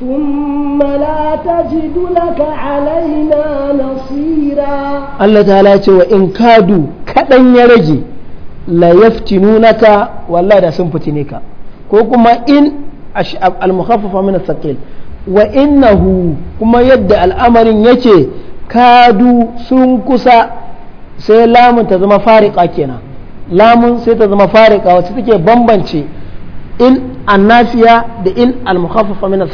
ثم لا تجد لك علينا نصيرا الله تعالى وإن كادوا كدن يرجي la yaftinunaka wallahi da sun fitine ka ko kuma in al-mukhaffafa min as-saqil wa innahu kuma yadda al'amarin yake kadu sun kusa sai lamun ta zama fariqa kenan lamun sai ta zama fariqa wacce take bambance in annafiya da in al-mukhaffafa min as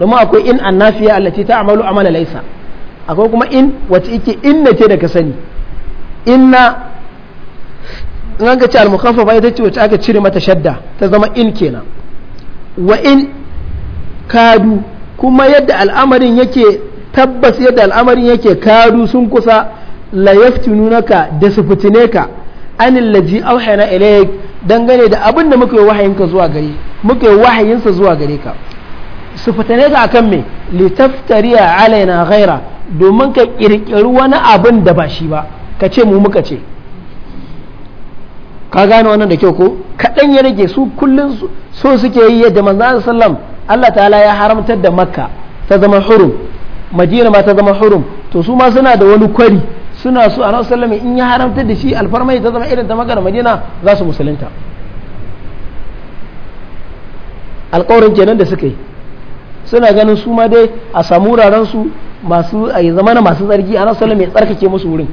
domin akwai in annafiya allati amalu amala laisa akwai kuma in wacce yake inna ce da ka sani inna in an ce al-mukhaffafa ita ce wacce aka cire mata shadda ta zama in kenan wa in kadu kuma yadda al'amarin yake tabbas yadda al'amarin yake kadu sun kusa la yaftinunaka da su fitine ka anil laji auhayna ilayk dangane da abin da muka yi ka zuwa gare muka yi wahayinsa zuwa gare ka su fitine ka akan me litaftariya alaina ghaira domin ka kirkiri wani abin da ba shi ba ka ce mu muka ce ka gane wannan da kyau ko kaɗan ya rage su kullum so suke yi yadda manzo sallam Allah ta'ala ya haramtar da makka ta zama hurum madina ma ta zama hurum to su ma suna da wani kwari suna so annabi sallam in ya haramtar da shi alfarmai ta zama irin ta makka da madina za su musulunta alƙawarin kenan da suka yi suna ganin su ma dai a samu wuraren su masu a zamana masu tsarki annabi sallam ya tsarkake musu wurin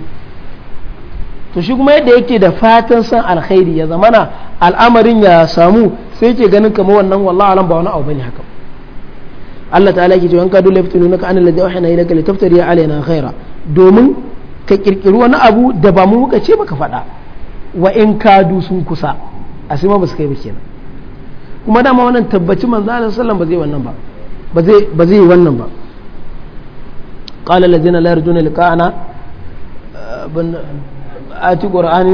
to shi kuma yadda yake da fatan san alkhairi ya zamana al'amarin ya samu sai yake ganin kamar wannan wallahi alam ba wani abu bane haka Allah ta'ala yake cewa in ka dole fitununaka an alladhi wahana ilayka litaftari alaina khaira domin ka kirkiri wani abu da ba mu muka ce maka faɗa wa in du sun kusa a sai ma ba su kai ba kenan kuma dama wannan tabbaci manzo Allah sallallahu ba zai wannan ba ba zai ba zai wannan ba qala allazina la yarjuna liqa'ana bin آتي قرآن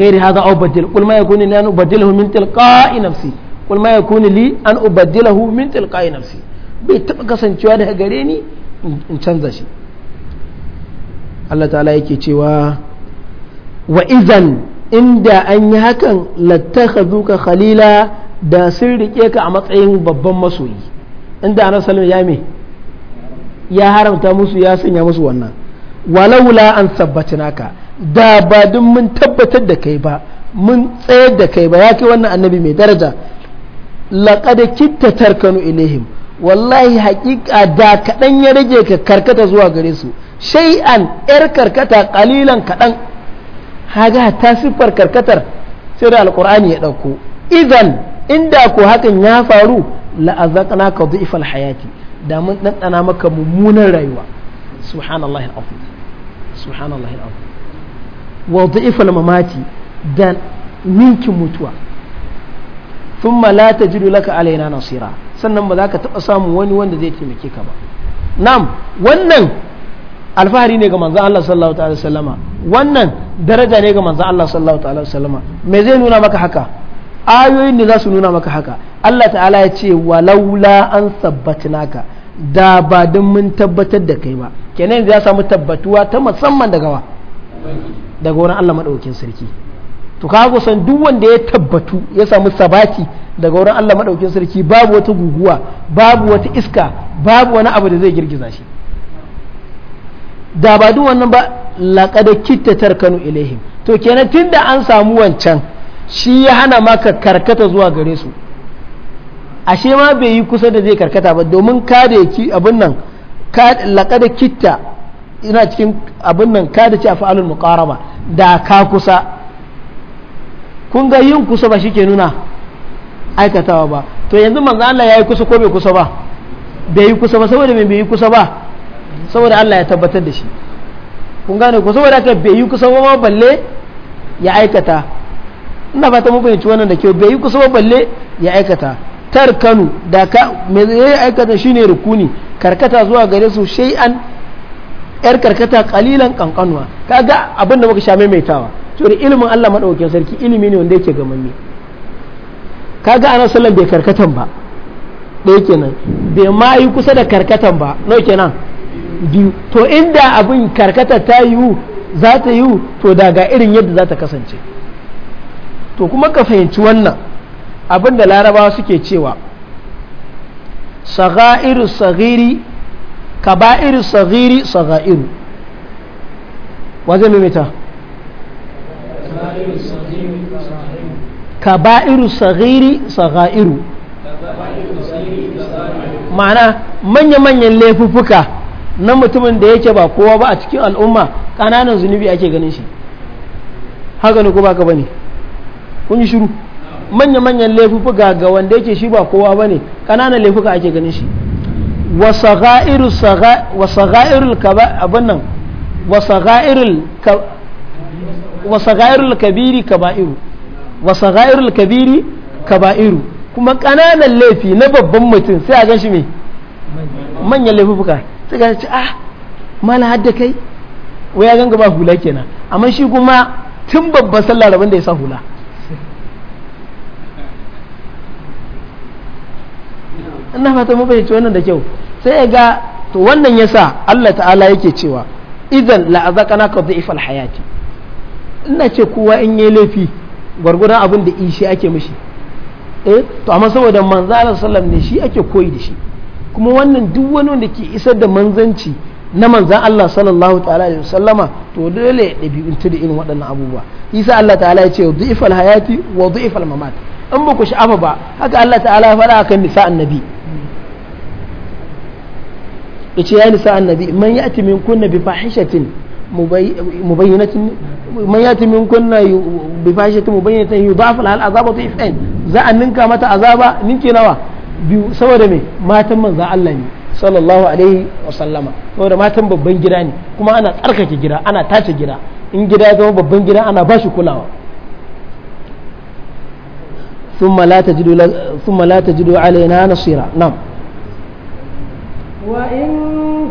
غير هذا أو بدل قل ما يكون لي أن أبدله من تلقاء نفسي قل ما يكون لي أن أبدله من تلقاء نفسي بيتبقى سنتوا ده غريني إن الله تعالى يكي تيوا وإذن عند أن يهكن لاتخذوك خليلا da sun rike ka a matsayin babban أنا سلم ana salim ya me ya haramta musu ya sanya musu wannan walaula an sabbatinaka da ba duk mun tabbatar da kai ba mun tsayar da kai ba ya kai wannan annabi mai daraja laƙada kitta tarkanu ilaihim wallahi haƙiƙa da kaɗan ya rage ka karkata zuwa gare su shay'an yar karkata ƙalilan kaɗan haga ta siffar karkatar sai da alƙur'ani ya ɗauko idan inda ko hakan ya faru la'azaqna ka dhi'fal hayati da mun ɗanɗana maka mummunan rayuwa subhanallahi al'azim subhanallahi wa mamati da ninkin mutuwa thumma la tajidu laka alaina nasira sannan ba za ka taɓa samun wani wanda zai taimake ka ba nam wannan alfahari ne ga manzan Allah sallallahu ta'ala sallama wannan daraja ne ga manzan Allah sallallahu ta'ala sallama me zai nuna maka haka ayoyin ne za su nuna maka haka Allah ta'ala ya ce walaula an sabbatnaka da ba don mun tabbatar da kai ba kenan ya samu tabbatuwa ta musamman daga wa daga wurin Allah maɗaukin sarki to ka san duk wanda ya tabbatu ya samu sabati daga wurin Allah maɗaukin sarki babu wata guguwa babu wata iska babu wani abu da zai girgiza shi da ba duk wannan ba laƙada kitta kanu ilaihim to kenan tunda an samu wancan shi ya hana maka karkata zuwa gare su ashe ma bai yi kusa da zai karkata ba domin ka da abin nan laƙada kitta ina cikin abin nan ka da ce a fa'alul ba da ka kusa kun ga yin kusa ba shike nuna aikatawa ba to yanzu manzo Allah yi kusa ko bai kusa ba bai yi kusa ba saboda me bai yi kusa ba saboda Allah ya tabbatar da shi kun gane ko saboda haka bai yi kusa ba balle ya aikata ina fata mu fahimci wannan da kyau bai yi kusa ba balle ya aikata tar kanu da ka me zai aikata shine rukuni karkata zuwa gare su shay'an yar karkata kalilan kankanuwa kaga abin da muka sha maimaitawa to da ilimin Allah madaukakin sarki ilimi ne wanda yake ka kaga anan sallan bai karkatan ba yake nan bai ma yi kusa da karkatan ba ke kenan biyu to inda abin karkata ta yiwu za ta yiwu to daga irin yadda za ta kasance to kuma ka fahimci wannan abin da larabawa suke cewa sagairu sagiri kaba'ir saghiri sagha'iru wajen mimita kaba'ir saghiri sagha'iru ma'ana manya-manyan laifuffuka na mutumin da yake ba kowa ba a cikin al'umma ƙananan zunubi ake ganin shi haka ne ko baka bane kun yi shiru manya-manyan laifuffuka ga wanda yake shi ba kowa bane ƙananan laifuka ake ganin shi wa saghairul kabiri kaba'iru kabiri kaba'iru kuma ƙananan laifi na babban mutum sai a gan shi mai manyan laifuka sai ga ci ah mana hadda kai wai ya ganga ba hula kenan amma shi kuma tun babban sallah rabin da ya sa hula ina fata mu wannan da kyau sai ya ga to wannan yasa Allah ta'ala yake cewa idan la'azakanaka dhifal hayati ina ce kowa in yi laifi gwargwadon abin da ishi ake mishi eh to amma saboda manzo sallam ne shi ake koyi da shi kuma wannan duk wani wanda ke isar da manzanci na manzan Allah sallallahu ta'ala alaihi wasallama to dole ya ɗabi'untu da irin waɗannan abubuwa isa Allah ta'ala ya ce du'ifal hayati wa du'ifal mamat in ba ku sha'afa ba haka Allah ta'ala ya faɗa akan nisa annabi yace ya nisa annabi man ya'ti min kunna bi fahishatin mubayyinatin man ya'ti min kunna bi fahishatin mubayyinatin yudaf lahal azabu dhifain za a ninka mata azaba ninki nawa biyu saboda me matan manzo Allah ne sallallahu alaihi wa sallama saboda matan babban gida ne kuma ana tsarkake gida ana tace gida in gida ya zama babban gida ana ba shi kulawa ثم لا تجد ثم لا تجد علينا نصيرا نعم وإن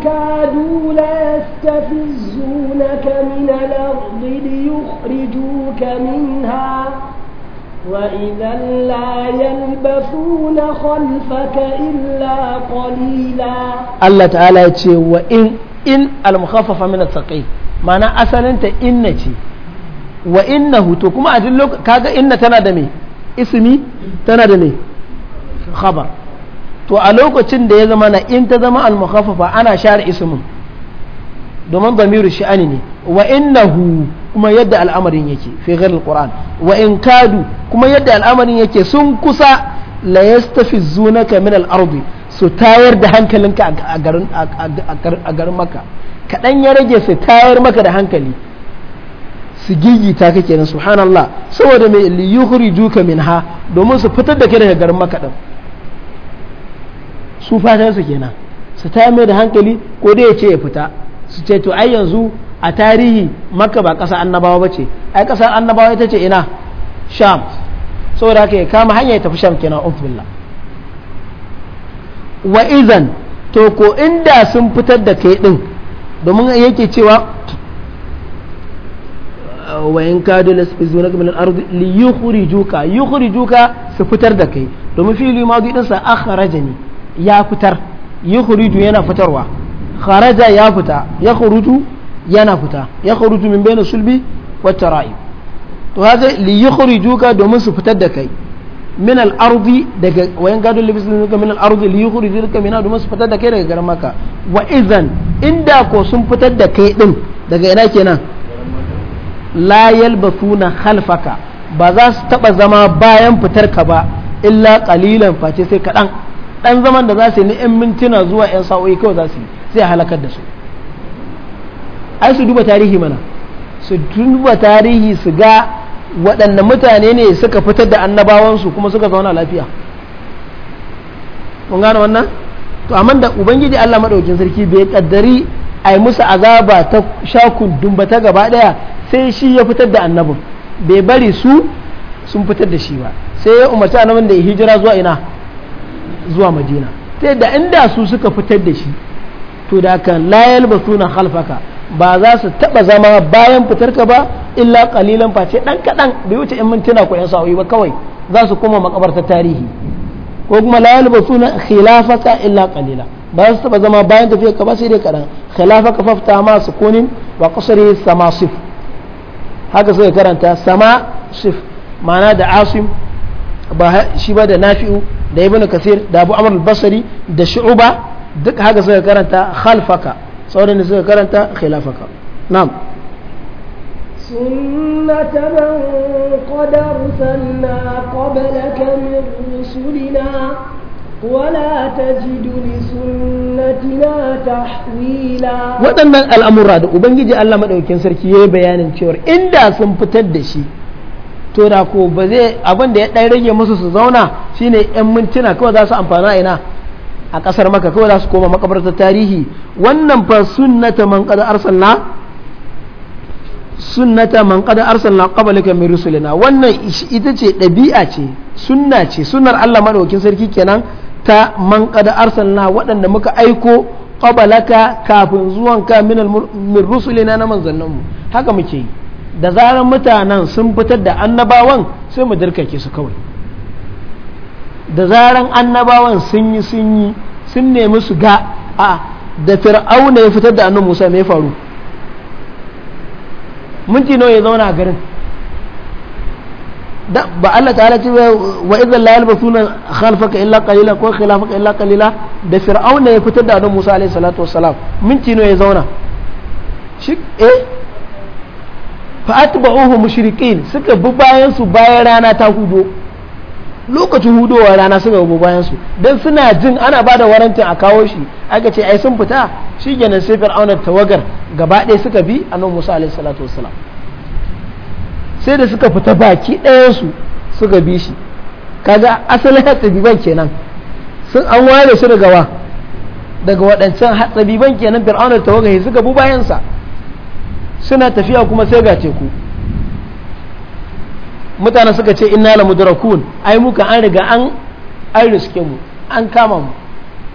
كادوا ليستفزونك من الأرض ليخرجوك منها وإذا لا يلبثون خلفك إلا قليلا الله تعالى يقول وإن إن المخففة من الثقيل معنى أصلا أنت إنتي وإنه تكما أجل لك كاغا إن تنادمي اسمي تنادمي خبر to a lokacin da ya zama na in ta zama al-mukhaffafa ana share ismin domin damiru sha'ani ne wa innahu kuma yadda al'amarin yake fi ghairil qur'an wa in kadu kuma yadda al'amarin yake sun kusa la yastafizunaka min al-ardi su tayar da hankalinka a garin a garin maka kadan ya rage su tayar maka da hankali su gigita ka kenan subhanallah saboda mai li yukhrijuka minha domin su fitar da kai daga garin maka din su fatan su kenan su ta mai da hankali ko dai ya ce ya fita su ce to ai yanzu a tarihi makka ba ƙasa annabawa ba ce ai ƙasar annabawa ita ce ina sham saboda haka ya kama hanya ya tafi sham kenan ufbilla wa izan to ko inda sun fitar da kai din domin yake cewa wa in kadu lasfizunaka min al-ard li yukhrijuka yukhrijuka su fitar da kai domin fili ma din sa akhrajani ya fitar yi yukhruju yana fitarwa kharaja ya fita ya khuruju yana fita ya khuruju min bayna sulbi wa tara'i to haka li yukhrijuka domin su fitar da kai min al-ardi daga wayan gado libisinka min al-ardi li yukhrijuka min domin su fitar da kai daga garin maka wa idan inda ko sun fitar da kai din daga ina kenan la yalbathuna khalfaka ba za su taba zama bayan fitar ka ba illa qalilan face sai kadan dan zaman da za su yi na 'yan mintuna zuwa 'yan sa'o'i kawai za su yi sai a halakar da su ai su duba tarihi mana su duba tarihi su ga waɗanne mutane ne suka fitar da annabawansu kuma suka zauna lafiya kun gane wannan to amma da ubangiji Allah madaukin sarki bai kaddari ai musu azaba ta shakun dumba ta gaba ɗaya sai shi ya fitar da annabin bai bari su sun fitar da shi ba sai ya umarci annabin da ya hijira zuwa ina zuwa madina ta yadda inda su suka fitar da shi to da kan layal ba suna halfaka ba za su taba zama bayan fitarka ba illa kalilan face dan kadan bai wuce in mintuna ko yan sa'o'i ba kawai za su koma makabarta tarihi ko kuma layal ba suna khilafaka illa kalila ba za su taba zama bayan tafiya ka ba sai dai kadan khilafaka fafta ma sukunin wa qasri samasif haka sai karanta sama sif ma'ana da asim ba shi ba da nafi'u da ibn kasir da abu amr al-basri da shu'ba duk haka suka karanta khalfaka sauran da suka karanta khilafaka na'am سنة من قد أرسلنا قبلك من رسلنا ولا تجد لسنتنا تحويلا waɗannan al'amura da ubangiji Allah madaukakin sarki yi bayanin cewa inda sun fitar da shi to da ko ba zai abin da ya ɗan rage musu su zauna shine yan mintuna kawai za su amfana ina a ƙasar maka kawai za su koma makabartar tarihi wannan fa sunnata man qad arsalna sunnata man qad arsalna qablaka min rusulina wannan ita ce ɗabi'a ce sunna ce sunnar Allah madaukin sarki kenan ta man qad arsalna waɗanda muka aiko qablaka kafin zuwanka min rusulina na mu haka muke yi da zarar mutanen sun fitar da annabawan sai mu dirkake su kawai da zaran annabawan sun yi sun yi sun nemi su ga a da fir'auna ya fitar da annabi Musa mai faru minti nawa ya zauna a garin da ba Allah ta'ala ce wa idan la yalbasuna khalfaka illa qalila ko khilafaka illa qalila da fir'auna ya fitar da annabi Musa alaihi salatu wassalam minti nawa ya zauna shi eh fa atba'uhu mushrikin suka bi bayan su bayan rana ta hudo lokacin hudowa rana suka bi bayan su dan suna jin ana bada warantin a kawo shi aka ce ai sun fita shikenan sai fir'auna tawagar gaba ɗaya suka bi annabi Musa alaihi salatu wassalam sai da suka fita baki ɗayan su suka bi shi kaga asalin hatsabiban kenan sun an ware su daga wa daga waɗancan hatsabiban kenan fir'auna tawagar suka bi bayan sa suna tafiya kuma sai ga teku mutane suka ce inna la mudrakun ai muka an riga an an riske mu an kama mu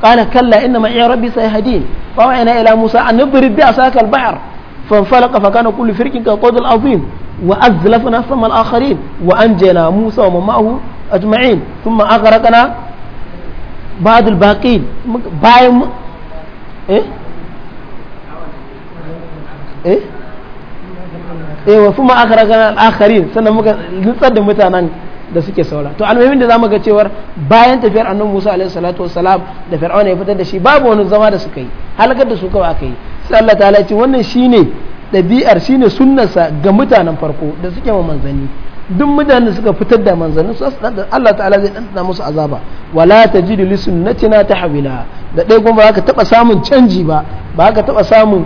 qala kalla inna ma ya rabbi sayhadin fa wa ina ila musa an nadrib bi asaka al-bahr fanfalaqa fa kana kullu firqin ka qadul azim wa azlafna sama al-akharin wa anjayna musa wa ma'ahu ajma'in thumma aghraqna ba'd al-baqin bayan eh eh eh wa kuma akhrajan al-akharin sannan muka nutsar da mutanen da suke saura to almuhimin da zamu ga cewar bayan tafiyar annabi Musa alaihi salatu wassalam da fir'auna ya fitar da shi babu wani zama da suka yi halakar da su kawai aka yi sai Allah ta'ala ce wannan shine ɗabi'ar shine sunnarsa ga mutanen farko da suke wa manzanni duk mutanen suka fitar da manzannin su Allah ta'ala zai ɗanɗana musu azaba wala tajidu li ta tahwila da dai kuma ba ka taba samun canji ba ba ka taba samun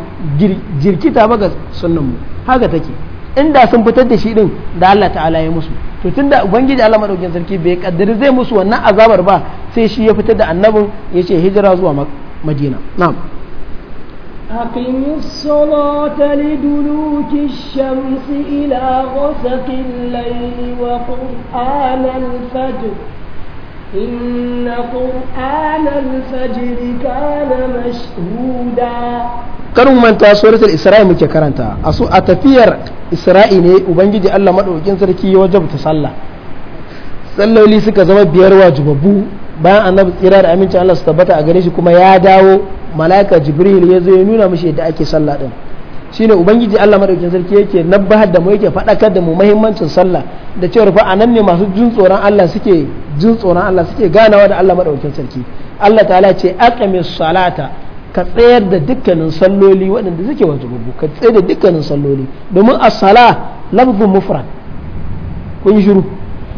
jirkita ba ga sunnan mu haka take inda sun fitar da shi din da Allah ta'ala ya musu to tunda ubangiji Allah madaukin sarki bai kaddari zai musu wannan azabar ba sai shi ya fitar da annabin yace hijira zuwa Madina na'am أقم الصلاة لدلوك الشمس إلى غسق الليل وقرآن الفجر إن قرآن الفجر كان مشهودا karin manta suratul isra'i muke karanta a su a tafiyar isra'i ne ubangiji Allah madaukin sarki ya wajabta sallah salloli suka zama biyar wajibabu bayan annabi tsira da amincin Allah su tabbata a gare shi kuma ya dawo mala'ika jibril ya zo ya nuna mishi yadda ake sallah din shine ubangiji Allah madaukakin sarki yake nabbahar da mu yake fadakar da mu muhimmancin sallah da cewa fa anan ne masu jin tsoron Allah suke jin tsoron Allah suke ganawa da Allah madaukakin sarki Allah ta'ala ce aqamis salata ka tsayar da dukkanin salloli waɗanda suke wajibu ka tsayar da dukkanin salloli domin as-sala lafzun mufrad kun shiru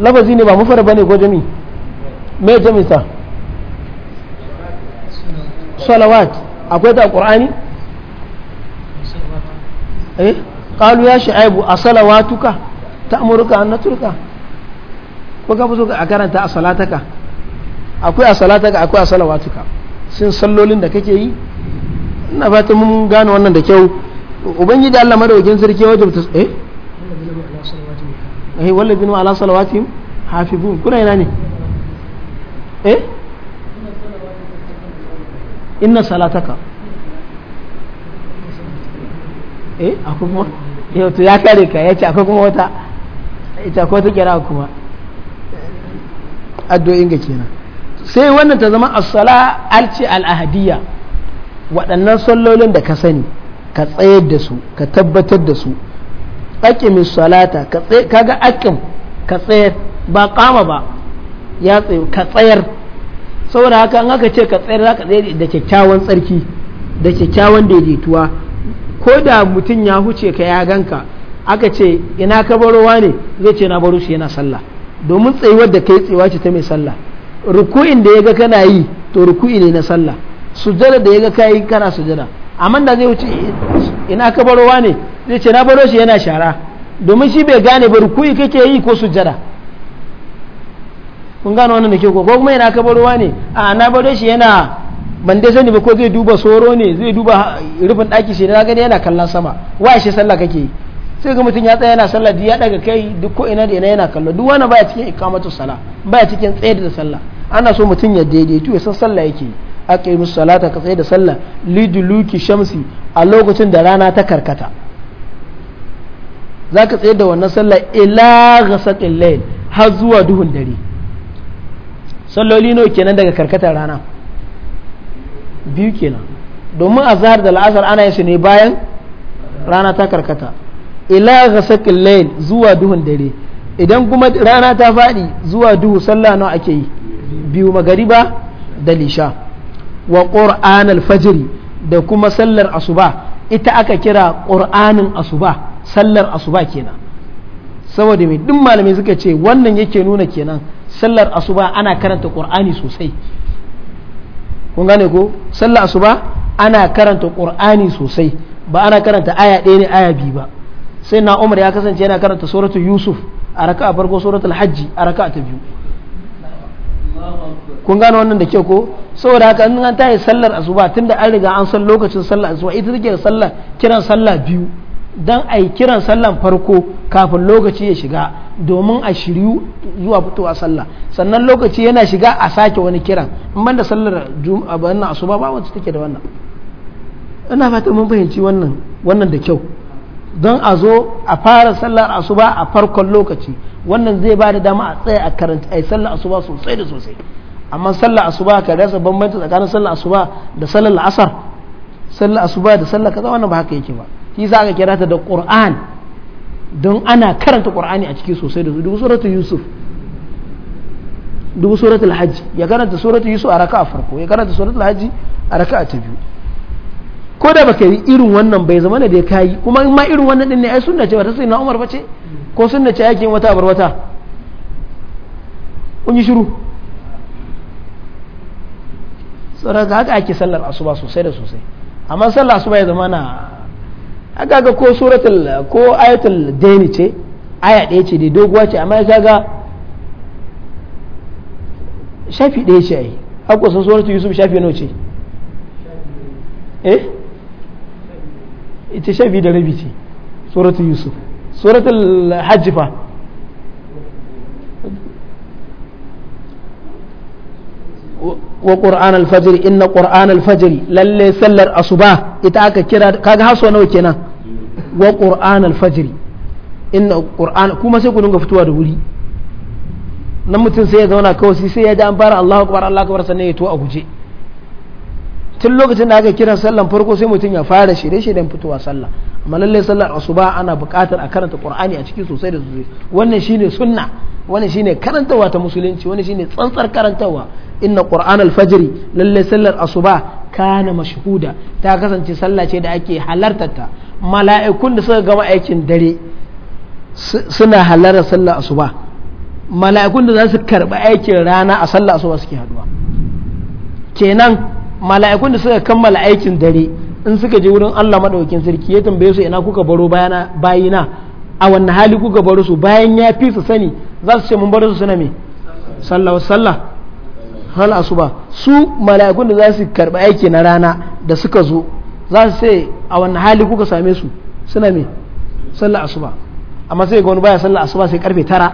lafazi ne ba mufrad bane ko jami'i me jamita salawat akwai ta qur'ani eh qalu ya salawatuka asalawatuka ta'muruka an natruka ko ka so a karanta a salataka akwai a salataka akwai a salawatuka sun sallolin da kake yi ina fata mun gane wannan da kyau ubangiji Allah madawakin sarki wajen ta eh eh wallazina ala salawatihim hafizun kuna yana ne eh inna salataka eh akwai kuma yau to ya kare ka ya ce akwai kuma wata ita ko ta kira kuma addu'o'in ga kenan sai wannan ta zama as-sala alci al-ahadiyya waɗannan sallolin da ka sani ka tsayar da su ka tabbatar da su aqimi salata ka kaga aqim ka tsayar ba kama ba ya tsayo ka tsayar saboda haka an aka ce ka tsayar za ka tsayar da kyakkyawan tsarki da kyakkyawan daidaituwa ko da mutum ya huce ka ya ganka aka ce ina ka barowa ne zai ce na baro shi yana sallah domin tsayuwar da kai tsayuwa ce ta mai sallah ruku'in da ya ga kana yi to ruku'i ne na sallah sujjada da ya ga kai kana sujjada amma da zai wuce ina ka barowa ne zai ce na baro shi yana shara domin shi bai gane ba ruku'i kake yi ko sujjada kun gano wannan da ke ko kuma yana ka barowa ne a na baro shi yana ban dai sani ba ko zai duba soro ne zai duba rufin ɗaki shi na gani yana kallon sama wa shi sallah kake yi sai ga mutum ya tsaya yana sallah duk ya daga kai duk ko ina da ina yana kallo duk wani baya cikin ikamatu sala baya cikin tsayar da sallah ana so mutum ya daidaitu ya san sallah yake yi musu salata ka tsaye da sallah liduluki shamsi a lokacin da rana ta karkata zaka ka tsaye da wannan sallah ila ghasaqil layl har zuwa duhun dare salloli nawa kenan daga karkatar rana biyu kenan domin azhar da la'asar ana yin su ne bayan rana ta karkata ila ghasaqil layl zuwa duhun dare idan kuma rana ta faɗi zuwa duhu sallah nawa ake yi biyu magariba da lisha wa qur'an al da kuma sallar asuba ita aka kira qur'anin asuba sallar asuba kenan saboda mai duk malamai suka ce wannan yake nuna kenan sallar asuba ana karanta qur'ani sosai kun gane ko sallar asuba ana karanta qur'ani sosai ba ana karanta aya ɗaya ne aya biyu ba sai na umar ya kasance yana karanta suratul yusuf a raka a farko suratul hajji a raka ta biyu kun gane wannan da ke ko saboda haka in an tayi sallar asuba tunda an riga an san lokacin sallar asuba ita take sallar kiran sallah biyu don a yi kiran sallan farko kafin lokaci ya shiga domin a shiryu zuwa fitowa sallah sannan lokaci yana shiga a sake wani kiran in banda sallar juma'a asuba ba wacce take da wannan ina fata mun fahimci wannan wannan da kyau don a zo a fara sallar asuba a farkon lokaci wannan zai ba da dama a tsaye a karanta a yi sallar asuba sosai da sosai amma sallar asuba ka rasa bambanci tsakanin sallar asuba da sallar asar sallar asuba da sallar kaza wannan ba haka yake ba shi za ka kira ta da ƙur'an don ana karanta ƙur'ani a ciki sosai da su dubu suratul yusuf dubu suratul hajji ya karanta suratul yusuf a raka a farko ya karanta suratul hajji a raka a ta biyu ko da baka yi irin wannan bai zama da ka yi kuma in ma irin wannan din ne ai sunna ce ba ta sai na umar bace ko sunna ce yake wata bar wata kun yi shiru ga haka ake sallar asuba sosai da sosai amma sallar asuba ya zama na aka ga ko suratul ko ayatul daini ce aya ɗaya ce dai doguwa ce amma ya ga shafi ɗaya ce ai haka san suratul yusuf shafi nawa ce eh ita shafi da rabi ce suratul yusuf suratul hajji wa qur'an al-fajr inna qur'an al-fajr lalle sallar asuba ita aka kira kaga haso nawa kenan wa qur'an alfajiri fajr inna qur'an kuma sai ku dinga fitowa da wuri nan mutum sai ya zauna kawai sai ya ji an fara Allahu akbar Allahu akbar sannan ya to a guje tun lokacin da aka kira sallan farko sai mutum ya fara shirye-shiryen fitowa sallah amma lallai sallar asuba ana buƙatar a karanta qur'ani a ciki sosai da sosai wannan shine sunna wannan shine karantawa ta musulunci wannan shine tsantsar karantawa inna qur'an alfajiri lallai sallar asuba kana mashhuda ta kasance sallah ce da ake halartarta mala'ikun da suka gama aikin dare suna halarta sallah asuba mala'ikun da za su karɓi aikin rana a sallah asuba suke haduwa kenan mala'ikun da suka kammala aikin dare in suka je wurin Allah madaukakin sarki ya tambaye su ina kuka baro bayana bayina a wannan hali kuka baro su bayan ya fi su sani za su ce mun baro su suna me sallah sallah sallar asuba su mala'ikun da za su karɓi aiki na rana da suka zo za su sai a wani hali kuka same su suna me sallar asuba amma sai ga wani baya sallar asuba sai karfe tara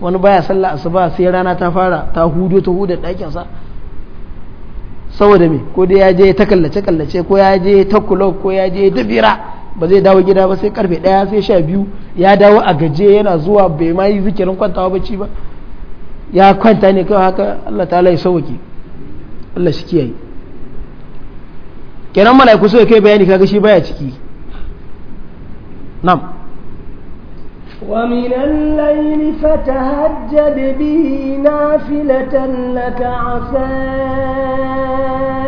wani baya sallar asuba sai rana ta fara ta hudo ta huda ɗakinsa saboda me ko dai ya je ta kallace kallace ko ya je ta kula ko ya je dubira ba zai dawo gida ba sai karfe ɗaya sai sha biyu ya dawo a gaje yana zuwa bai ma yi zikirin kwantawa bacci ba ya kwanta ne kawai haka Allah ta lai sauki Allah shi kiyaye kenan mala'iku sai kai bayani kaga shi baya ciki nam wa min al-layl fatahajjad bi nafilatan laka asa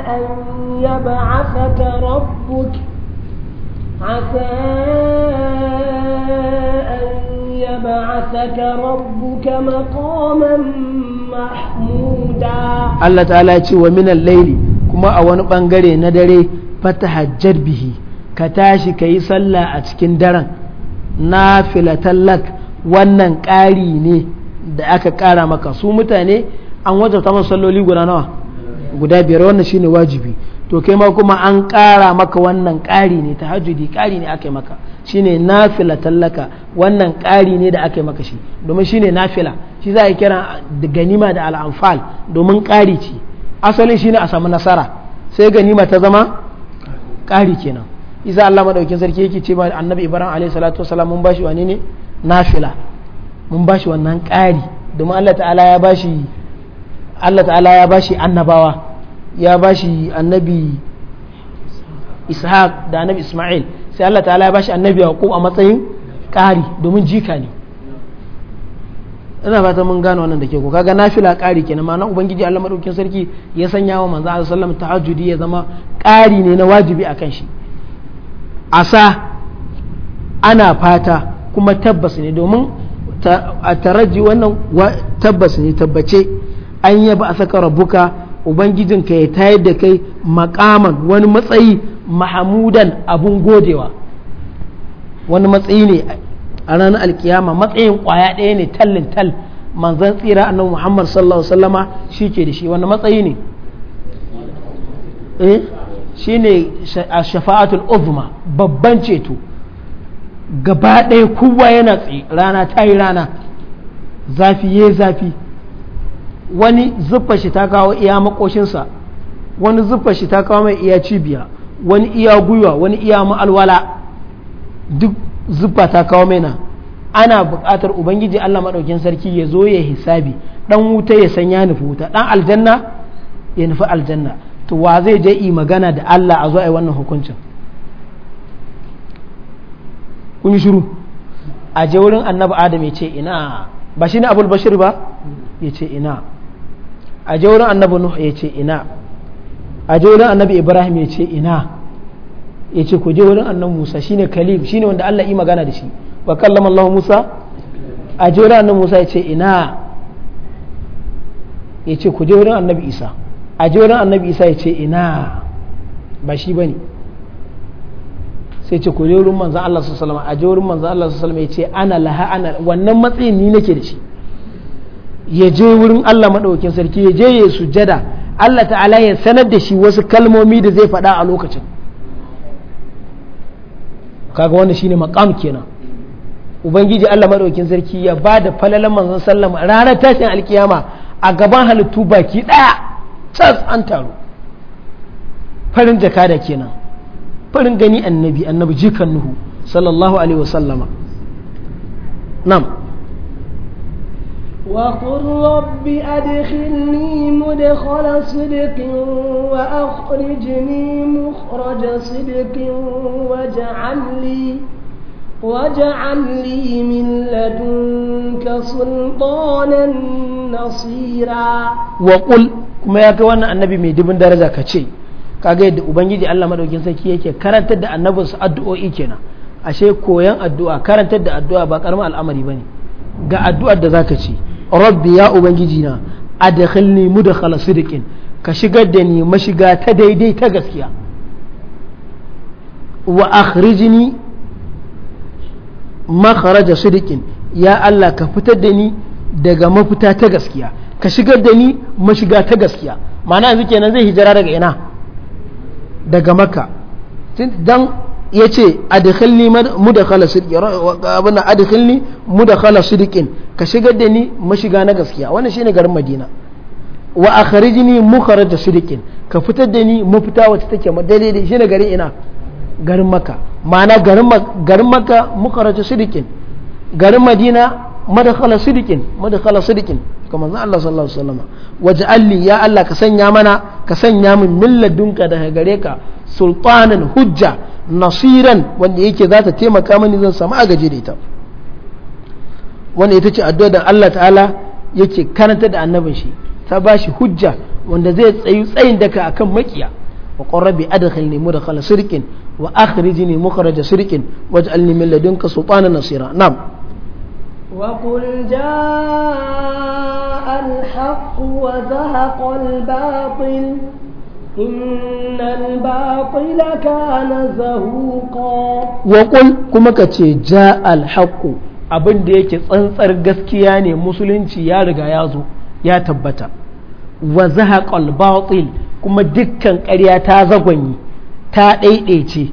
an yab'athaka rabbuk asa لك ربك مقاما محمودا الله تعالى يقول ومن الليل كما أوان بانغري ندري فتح به كتاشي كي صلى أتكين درن نافلة لك wannan ƙari ne da aka ƙara maka su mutane an wajabta masu salloli guda nawa guda biyar wannan shine wajibi to kai ma kuma an ƙara maka wannan ƙari ne ta tahajjudi ƙari ne aka yi maka shine na tallaka wannan ƙari ne da aka yi maka shi domin shine nafila shi za a yi kira da ganima da al'amfal domin ƙari ce asalin shine a samu nasara sai ganima ta zama ƙari kenan isa Allah madaukin sarki yake ce ma annabi ibrahim alayhi salatu wasalam mun bashi wani ne nafila mun bashi wannan ƙari domin Allah ta'ala ya bashi Allah ta'ala ya bashi annabawa ya bashi annabi ishaq da annabi isma'il sai Allah ta'ala ya bashi annabi yaqub a matsayin ƙari domin jika ne ina fata mun gano wannan da ke ko kaga nafila ƙari kenan ma'ana ubangiji Allah madaukakin sarki ya sanya wa manzo Allah sallallahu tahajjudi ya zama ƙari ne na wajibi akan shi asa ana fata kuma tabbas ne domin a taraji wannan tabbas ne tabbace an yaba asaka rabbuka ubangijinka ya tayar da kai makaman wani matsayi mahamudan abun godewa wani matsayi ne a ranar alkiyama matsayin kwaya ɗaya ne tallin tal manzan tsira annabi muhammad sallallahu alaihi wasallama shi ke da shi wanda matsayi ne eh, shi ne a shafa'atul uzma babban ceto gaba ɗaya kowa yana tsaye rana ta yi rana zafi ya zafi wani zuffa shi ta kawo iya makoshinsa wani zuffa shi ta kawo mai iya cibiya wani iya gwiwa wani iya ma'alwala duk zuba ta kawo maina ana buƙatar ubangiji Allah maɗaukin sarki ya zo ya hisabi dan wuta ya san ya nufi wuta dan aljanna ya nufi aljanna to wa zai je yi magana da Allah a zo a yi wannan hukuncin kun shiru a je wurin annabi adam ya ce ina ba shi ne abul bashir ba ya ce ina a je wurin annabi nuh ya ce ina a je wurin annabi ibrahim ya ce ina ya ce ku je wurin annan musa shine shi shine wanda Allah yi magana da shi wa kallama Allah musa a je wurin annan musa ya ce ina ya ce ku je wurin annabi isa a je wurin annabi isa ya ce ina ba shi ba ne sai ce ku je wurin manzan Allah su salama a je wurin manzan Allah su salama ya ce ana laha ana wannan matsayin ni nake da shi ya je wurin Allah maɗaukin sarki ya je ya sujada Allah ta'ala ya sanar da shi wasu kalmomi da zai faɗa a lokacin kaga shi shine maqam kenan ubangiji Allah madaukin sarki ya ba da falalan manzon sallama ranar tashin alkiyama a gaban halittu baki daya cas an taru farin jakada kenan farin gani annabi annabi jikan nuhu sallallahu alaihi wasallama nam وقل رب أدخلني مدخل صدق وأخرجني مخرج صدق واجعل لي واجعل لي من لدنك سلطانا نصيرا وقل كما يقول النبي من دبن درجة كشي kaga yadda ubangiji Allah madaukin sarki yake karantar da annabinsa addu'o'i kenan ashe koyan addu'a karantar da addu'a ba karamin al'amari bane ga addu'ar da zaka ci rabbi ya ubangiji na adkhilni mudkhala sidqin ka shigar da ni mashiga ta daidai ta gaskiya wa akhrijni makharaja sidqin ya Allah ka fitar da ni daga mafita ta gaskiya ka shigar da ni mashiga ta gaskiya ma'ana yanzu kenan zai hijira daga ina daga makka dan ya ce adkhilni mudakhala sidqin mu da mudakhala sidqin ka shigar da ni mashiga na gaskiya wannan shine garin Madina wa akhrijni mukharaj sidqin ka fitar da ni mafita wacce take madalai da shine garin ina garin Makka ma'ana garin garin Makka mukharaj sidqin garin Madina madakhala sidqin madakhala sidqin kamar zan Allah sallallahu alaihi wasallam waj'alli ya Allah ka sanya mana ka sanya min milladunka daga gare ka sultanan hujja nasiran wanda yake za ta taimaka mani zan samu agaji da ita wanda ita ce addu'a da Allah ta'ala yake karanta da annabin shi ta ba shi hujja wanda zai tsayi tsayin daka akan maƙiya wa qarabi adkhilni mudkhala sirkin wa akhrijni sirkin sirqin waj'alni min ladunka sultanan nasira na. وقل جاء wa وزهق الباطل إن الباطل كان زهوقا وقل كما كتي جاء الحق abin da yake tsantsar gaskiya ne musulunci ya riga ya zo ya tabbata wa zahaqal batil kuma dukkan ƙarya ta zagwanyi ta ɗaiɗaice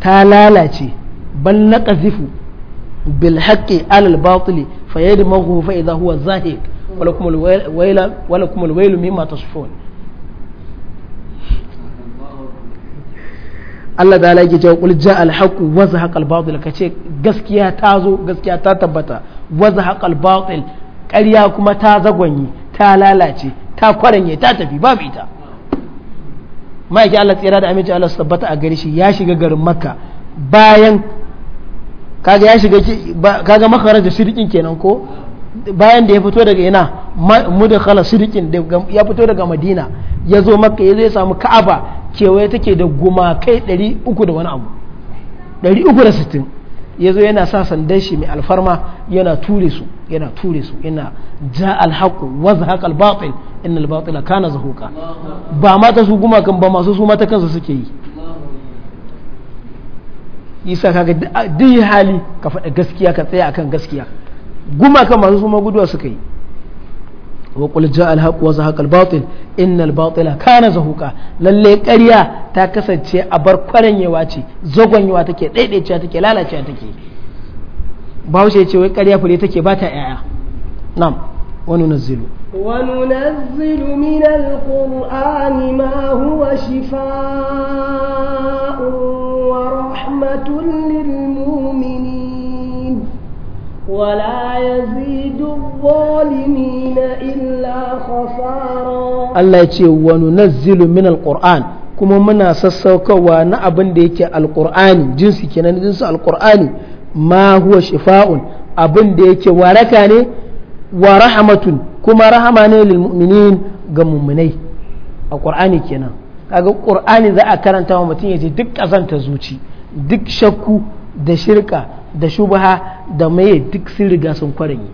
ta lalace bal naqzifu bil haqqi alal batili fa yadmahu fa idha huwa zahiq ولكم الويل ولكم الويل مما تصفون Allah da yake cewa kul ja al haqq wa zahaqa al batil gaskiya ta zo gaskiya ta tabbata wa zahaqa al batil ƙarya kuma ta zagwanyi ta lalace ta kwaranye ta tafi babu ita ma'aikin Allah tsira da aminci Allah su tabbata a gare shi ya shiga garin Makka bayan kaga ya shiga kaga makaraja shirkin kenan ko bayan da ya fito daga ina mudkhala da ya fito daga madina ya zo makka ya zai samu ka'aba kewaye take da gumakai 300 da wani abu 360 ya zo yana sa sandan shi mai alfarma yana ture su yana ture su yana ja alhaqu wa zahaqa albatil inna albatila kana zahuqa ba ma ta su gumakan ba masu su mata kansu suke yi isa kaga duk hali ka faɗa gaskiya ka tsaya akan gaskiya gumaka masu suma guduwa suka yi wa kul ja al-haq wa zahaqa al-batil al batila kana zahuqa lalle ƙarya ta kasance a bar kwaranyewa ce zagonyewa take daidaicewa take lalacewa take bahaushe ce wai ƙarya fure take ba ta yaya nam wani nazilu وننزل من القرآن ما هو شفاء ورحمة للمؤمنين ولا يزيد الظالمين Allah خسارا wani يتي وننزل من القرآن kuma muna sassaukawa na abin da yake alkur'ani jinsi kenan jinsi alkur'ani ma huwa shifa'un abin da yake waraka ne wa rahmatun kuma rahama ne lil mu'minin ga mu'minai a ƙurani kenan kaga qur'ani za a karanta wa mutum ya ji duk kazanta zuci duk shakku da shirka da shubaha da maye duk sun riga sun kwaranyi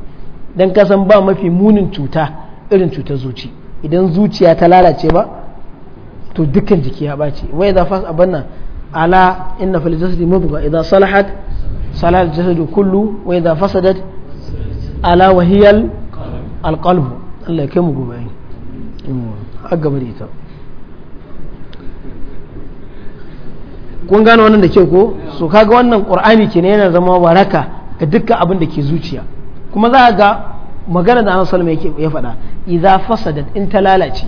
don kasan ba mafi munin cuta irin cutar zuci idan zuciya ta lalace ba to dukkan jiki ya ɓace wai da fas abin nan ala inna fil jasadi mudghah idan salahat salahat jasadu kullu wa idan fasadat ala wahiyal alqalbu Allah ya kai mu gobe a gaba da ita kun gano wannan da ke ko su kaga wannan qur'ani ke ne yana zama waraka ga dukkan abin da ke zuciya kuma za ga magana da annabi sallallahu alaihi ya faɗa fasa da in ta lalace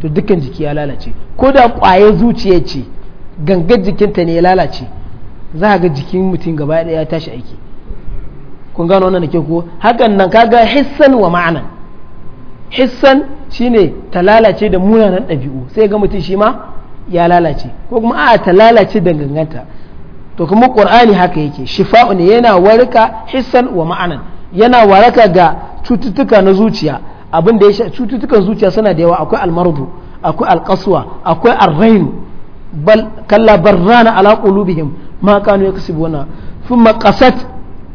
to dukkan jiki ya lalace ko da ƙwaye zuciya ce gangar jikinta ne ya lalace za ga jikin mutum gaba ɗaya ya tashi aiki kun gano wannan da ke ko hakan nan kaga hissan wa ma'ana hissan shine ta lalace da munanan ɗabi'u sai ga mutum shi ma ya lalace ko kuma a ta lalace da ganganta to kuma qur'ani haka yake shifa'u ne yana warka hissan wa ma'anan yana waraka ga cututtuka na zuciya abin da ya cututtukan zuciya suna da yawa akwai almarbu akwai alqaswa akwai arrain bal kalla barrana ala qulubihim ma kanu yakasibuna thumma qasat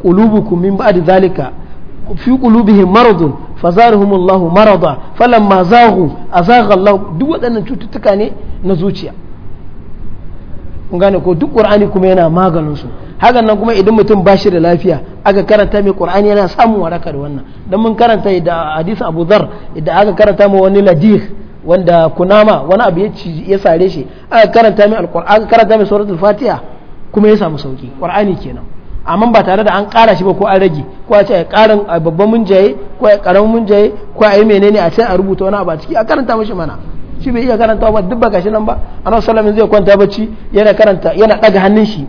qulubukum min ba'di dhalika fi qulubihim maradun fazarahum Allah marada falamma zaghu azagha Allah duk waɗannan cututtuka ne na zuciya kun gane ko duk qur'ani kuma yana maganin su hakan nan kuma idan mutum ba shi da lafiya aka karanta mai qur'ani yana samun waraka da wannan dan mun karanta da hadisi Abu Dharr idan aka karanta ma wani ladih wanda kunama wani abu ya ci ya sare shi aka karanta mai alqur'ani aka karanta mai suratul fatiha kuma ya samu sauki qur'ani kenan amma ba tare da an ƙara shi ba ko an rage ko a ce a ƙarin a babban munjaye ko a ƙaramin munjaye ko a yi menene a ce a rubuta wani abu a ciki a karanta mashi mana shi bai iya karanta ba duk ba gashi nan ba annabi sallallahu alaihi zai kwanta bacci yana karanta yana daga hannun shi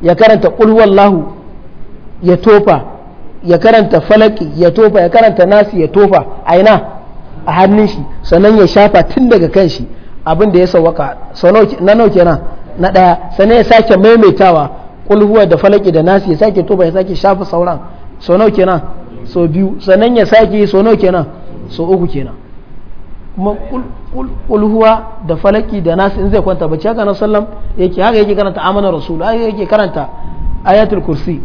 ya karanta qul wallahu ya tofa ya karanta falaki ya tofa ya karanta nasi ya tofa aina a hannun shi sannan ya shafa tun daga kan shi abin da ya sawaka na nauke kenan na daya sannan ya sake maimaitawa qul huwa da falaki da nasi ya sake ba ya sake shafa sauran so nawa kenan so biyu sannan ya sake so nawa kenan so uku kenan kuma kul huwa da falaki da nasi in zai kwanta bacci haka na sallam yake haka yake karanta amana rasul haka yake karanta ayatul kursi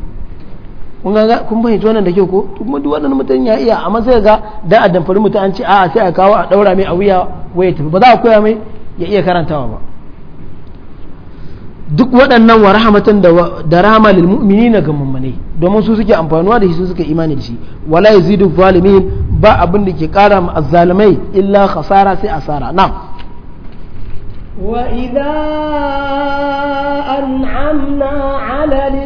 kun ga kun bai da kyau ko kuma duk wannan mutum ya iya amma sai ga da a damfari mutum an ce a'a sai a kawo a daura mai a wuya waya tafi ba za a koya mai ya iya karantawa ba duk waɗannan wa rahmatan da rahama lil mu'minina ga mummane domin su suke amfanuwa da shi su suke imani da shi wala yazidu zalimin ba abin da ke kara ma azzalimai illa khasara sai asara na wa idza an'amna 'ala al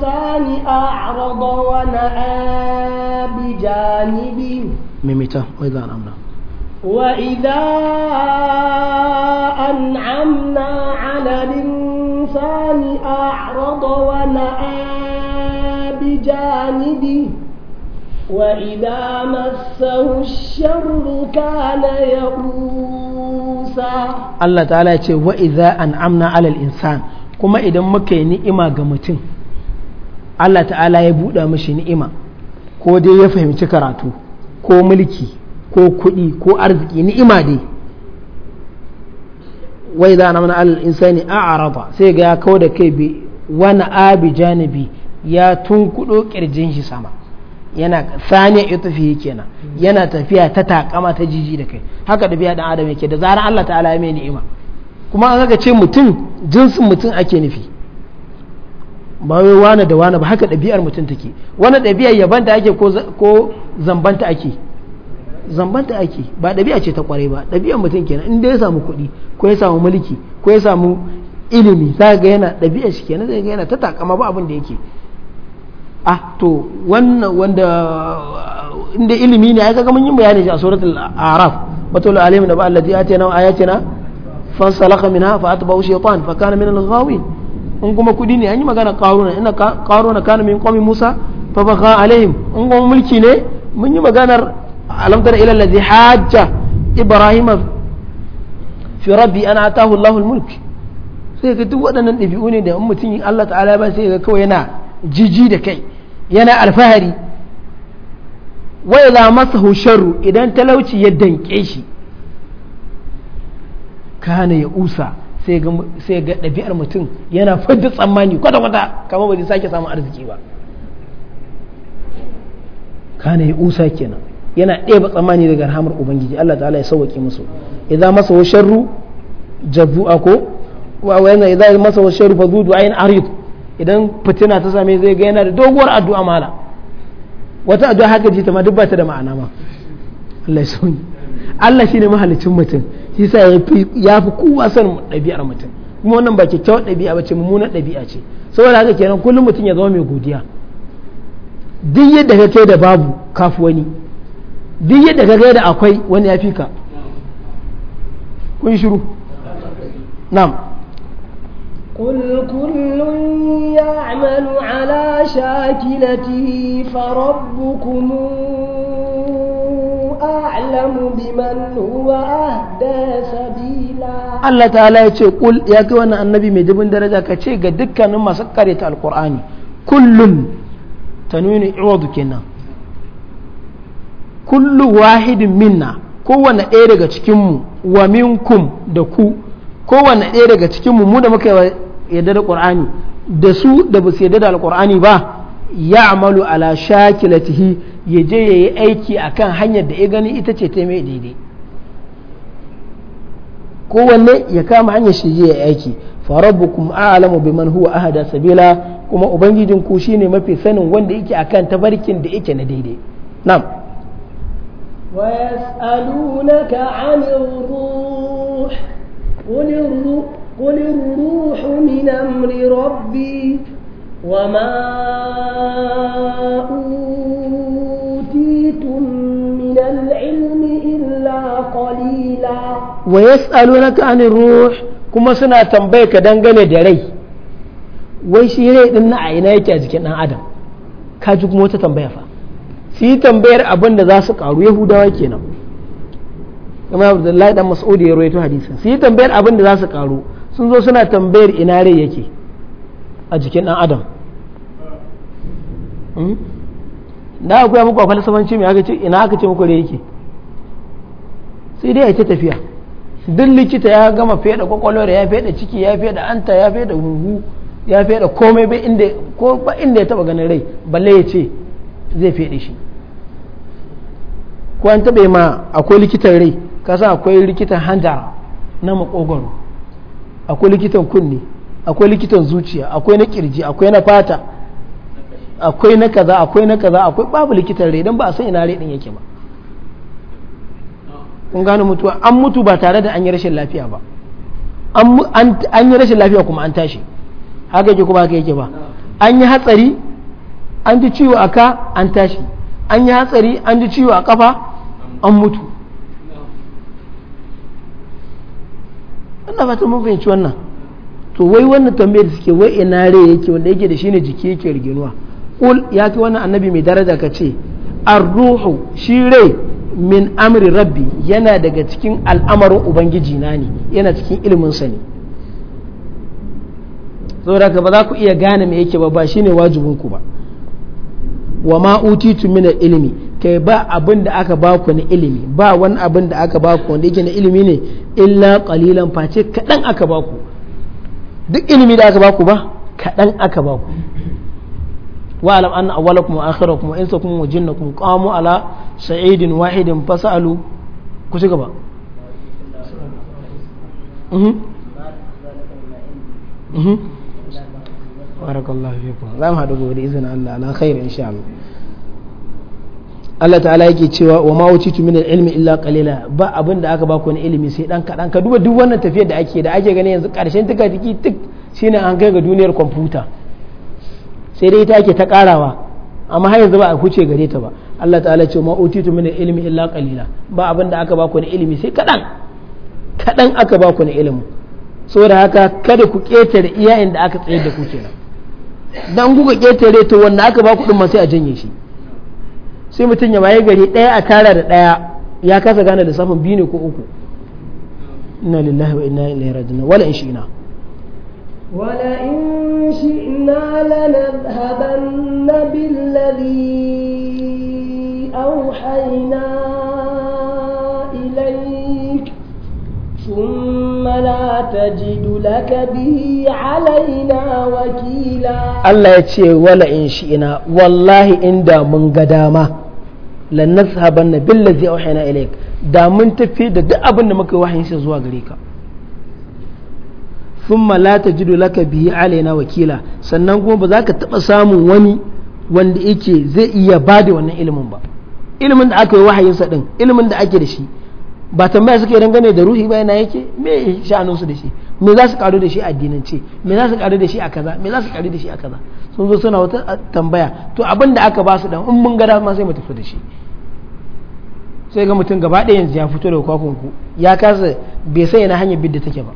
sani a'rada wa na'a bi janibi mimita wa idza an'amna وَإِذَا أَنْعَمْنَا عَلَى الْإِنْسَانِ أَعْرَضَ وَنَأَى بِجَانِبِهِ وَإِذَا مَسَّهُ الشَّرُّ كَانَ يئوسا الله تعالى يقول وَإِذَا أَنْعَمْنَا عَلَى الْإِنْسَانِ كما إذا مكي نئما قمتين Allah ta'ala ya buɗa mashi ni'ima ko dai ya fahimci karatu ko ko kuɗi ko arziki ni'ima dai wai za na mana alal insani a araba sai ga ya kawo da kai bi wani abi janibi ya tunkuɗo ƙirjin shi sama yana saniya ya tafi kenan yana tafiya ta takama ta jiji da kai haka da biya dan adam yake da zarar Allah ta'ala ya mai ni'ima kuma an ga ce mutum jinsin mutum ake nufi ba wai wane da wane ba haka ɗabi'ar mutum take wani ɗabi'ar yabanta ake ko zambanta ake zamban zambanta ake ba ɗabi'a ce ta kwarai ba ɗabi'ar mutum kenan in dai ya samu kuɗi ko ya samu mulki ko ya samu ilimi za ga yana ɗabi'a shi kenan zai ga yana ta takama ba abin da yake ah to wannan wanda inda ilimi ne ai kaga mun yi bayani a suratul araf batul alim da ba allati atina wa ayatina fansalakha minha fa atba'u shaytan fa kana min al-ghawin in kuma kudi ne an yi magana qaruna inna qaruna kana min qawmi musa fa bagha alaihim in kuma mulki ne mun yi maganar alam tara ila allazi hajja ibrahima fi rabbi ana atahu allah sai duk waɗannan ɗabi'u ne da mutum Allah ta'ala ba sai ga kawai yana jiji da kai yana alfahari wai za masa sharru idan talauci ya danke shi kana ya usa sai ga ɗabi'ar mutum yana fadda tsammani kwata-kwata kama ba zai sake samun arziki ba kana ya usa kenan yana ba tsammani daga rahamar ubangiji Allah ta'ala ya sauwake musu idza masa wa sharru jabu'a ko wa yana idza masa wa sharru zudu ayin arid idan fitina ta same zai ga yana da doguwar addu'a mala wata addu'a haka ji ta ma duk ba ta da ma'ana ma Allah ya sauke Allah shine mahalicin mutum shi yasa ya fi kowa san ɗabi'ar mutum kuma wannan ba kyakkyawar ɗabi'a ba ce mummunar ɗabi'a ce saboda haka kenan kullum mutum ya zama mai godiya duk yadda ka kai da babu kafu wani duk yadda ga gaida akwai wani ya fi kun shiru nam kullun ya amalu ala shakilati farabbukun a'lamu bi manu wa da sabila Allah ta ala ya ce kul ya ga wani annabi mai jibin daraja ka ce ga dukkanin masu alkur'ani kullum ta nuni iwa dukkanin kullu wahidin minna kowane ɗaya daga cikinmu wa minkum da ku kowane ɗaya daga cikinmu mu da muka yadda da qur'ani da su da ba su yadda da qurani ba ya amalu ala shakilatihi ya je ya yi aiki a kan hanyar da ya gani ita ce ta mai daidai kowanne ya kama hanyar shi ya yi aiki farabbukum a'lamu biman huwa ahada sabila kuma ubangijinku shine mafi sanin wanda yake akan tabarkin da yake na daidai na'am ويسألونك عن الروح قل الروح, قل الروح من أمر ربي وما أوتيتم من العلم إلا قليلا ويسألونك عن الروح كما سنة تنبيك دنجل دري ويشيري إن عينيك أزكي أنا عدم كاجوك موتة تنبيه فا su yi tambayar abin da za su karu yahudawa kenan kuma abdullahi dan mas'udi ya rawaito hadisin su yi tambayar abin da za su karu sun zo suna tambayar ina rai yake a jikin dan adam hmm? da akwai muku a falsafanci mai aka ce ina aka ce muku rai yake sai dai a ta tafiya duk likita ya gama feda kwakwalwar ya da ciki ya da anta ya da huhu ya da komai ba inda ya taba ganin rai balle ya ce zai fede shi ko an taɓa ma akwai likitan rai kasa akwai likitan hanta na makogwaro akwai likitan kunne akwai likitan zuciya akwai na kirji akwai na fata akwai na kaza akwai na kaza akwai babu likitan rai don ba a san ina rai din yake ba kun gano mutuwa an mutu ba tare da an yi rashin lafiya ba an yi rashin lafiya kuma an tashi haka yake kuma haka yake ba an yi hatsari an ji ciwo a ka an tashi an yi hatsari an ji ciwo a kafa an mutu wannan fatan mun fahimci wannan to wai wannan tambayar da suke wai ina rai yake wanda yake da shi ne jiki yake rigenuwa kul ya fi wannan annabi mai daraja ka ce ruhu shi rai min amri rabbi yana daga cikin al'amarin ubangiji na ne yana cikin ilimin sa ne saboda ka ba za ku iya gane me yake ba ba shine ku ba wa ma utitu min ilimi kai ba abin da aka ba ku na ilimi ba wani abin da aka ba ku wanda yake na ilimi ne illa qalilan face kadan aka ba ku duk ilimi da aka ba ku ba kadan aka ba ku wa alam anna awwalakum wa akhirakum wa insakum wa jinnakum qamu ala sa'idin wahidin fasalu ku shiga ba mhm mhm barakallahu fikum za mu haɗu gobe da izinin Allah ala khair insha Allah Allah ta'ala yake cewa wa ma wucitu min ilmi illa qalila ba abin da aka baku na ilimi sai dan kadan ka duba duk wannan tafiyar da ake da ake gani yanzu karshen tuka tiki tik shine an kai ga duniyar kwamfuta sai dai ita ake ta karawa amma har yanzu ba a huce gare ta ba Allah ta'ala ce ma utitu min ilmi illa qalila ba abin da aka baku na ilimi sai kadan kadan aka baku na ilimi saboda haka kada ku ketare iya da aka tsayar da ku kenan dan kuka ketare to wanda aka ba kuɗin ma sai a janye shi sai mutum ya waye gari ɗaya a tara da ɗaya ya kasa gane da safin biyu ne ko uku inna lillahi wa inna ilaihi raji'un wala in shi'na wala in shi'na lanadhhabanna billadhi awhayna ilayk ثم la tajidu laka bihi alaina wakila Allah ya ce wala in shi ina wallahi inda mun ga dama lan nashaban nabil ladzi auhayna ilayk da mun tafi da duk abin da muka wahayin sa zuwa gare ka thumma la tajidu laka bihi alaina wakila sannan kuma ba za ka taba samun wani wanda zai iya bada wannan ilimin ba ilimin da aka yi wahayin sa din ilimin da ake da shi ba tambaya suke dangane da ruhi ba yana yake me sha'anin su da shi me za su karu da shi a addinance me za su karu da shi a kaza me za su karu da shi a kaza sun zo suna wata tambaya to abin da aka ba su dan in mun ga ma sai mu tafi da shi sai ga mutum gaba ɗaya yanzu ya fito da kwakwan ku ya kasa bai sai yana hanyar bidda take ba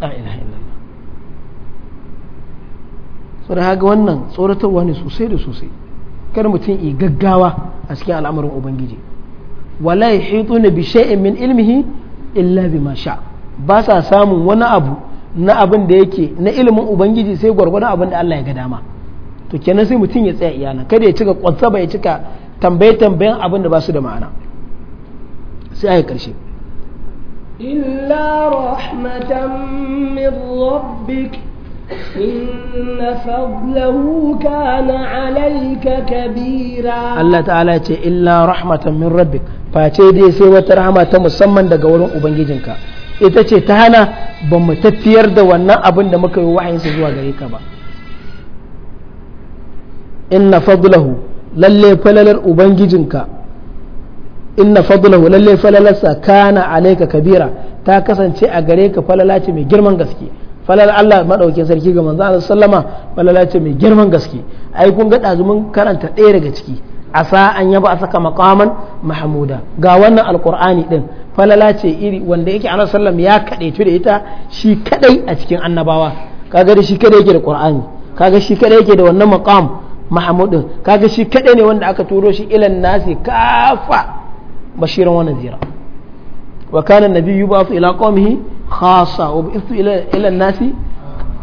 la ilaha illallah wannan tsoratarwa ne sosai da sosai kar mutum i gaggawa a cikin al'amarin ubangiji wala yahituna bi shay'in min ilmihi illa bima sha ba sa samun wani abu na abin da yake na ilimin ubangiji sai gwargwadon abin da Allah ya ga dama to kenan sai mutum ya tsaya iyana kada ya cika ba ya cika tambaye tambayen abin da ba su da ma'ana sai ayi karshe illa rahmatan min rabbika inna إن فضله كان عليك كبيرا الله تعالى إلا رحمة من ربك face dai sai wata rahama ta musamman daga wurin ubangijinka ita ce ta hana ba mu tafiyar da wannan abin da muka yi wahayinsa zuwa gare ka ba inna fadlahu lalle falalar ubangijinka inna fadlahu lalle falalarsa kana alaika kabira ta kasance a gare ka falala ce mai girman gaske falal Allah madaukin sarki ga manzo Allah sallama falala ce mai girman gaske ai kun ga dazumin karanta ɗaya daga ciki asa an yaba a saka maqaman mahmuda ga wannan alqur'ani din falala ce iri wanda yake ana sallam ya kadaitu da ita shi kadai a cikin annabawa kaga da shi kadai yake da qur'ani kaga shi kadai yake da wannan maqam mahmudin kaga shi kadai ne wanda aka turo shi ilan nasi kafa bashiran wa nadhira wa kana nabiyyu ba'athu ila qaumihi khasa wa bi'ithu ila nasi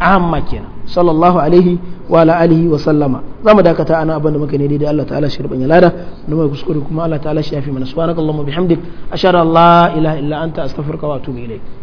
amma kenan sallallahu alaihi wa ala alihi wa sallama zamu dakata ana abin da muka ne da Allah ta'ala shi rubanya lada da mai kuskure kuma Allah ta'ala shi yafi mana subhanakallahumma bihamdik ashhadu an la ilaha illa anta astaghfiruka wa atubu ilaik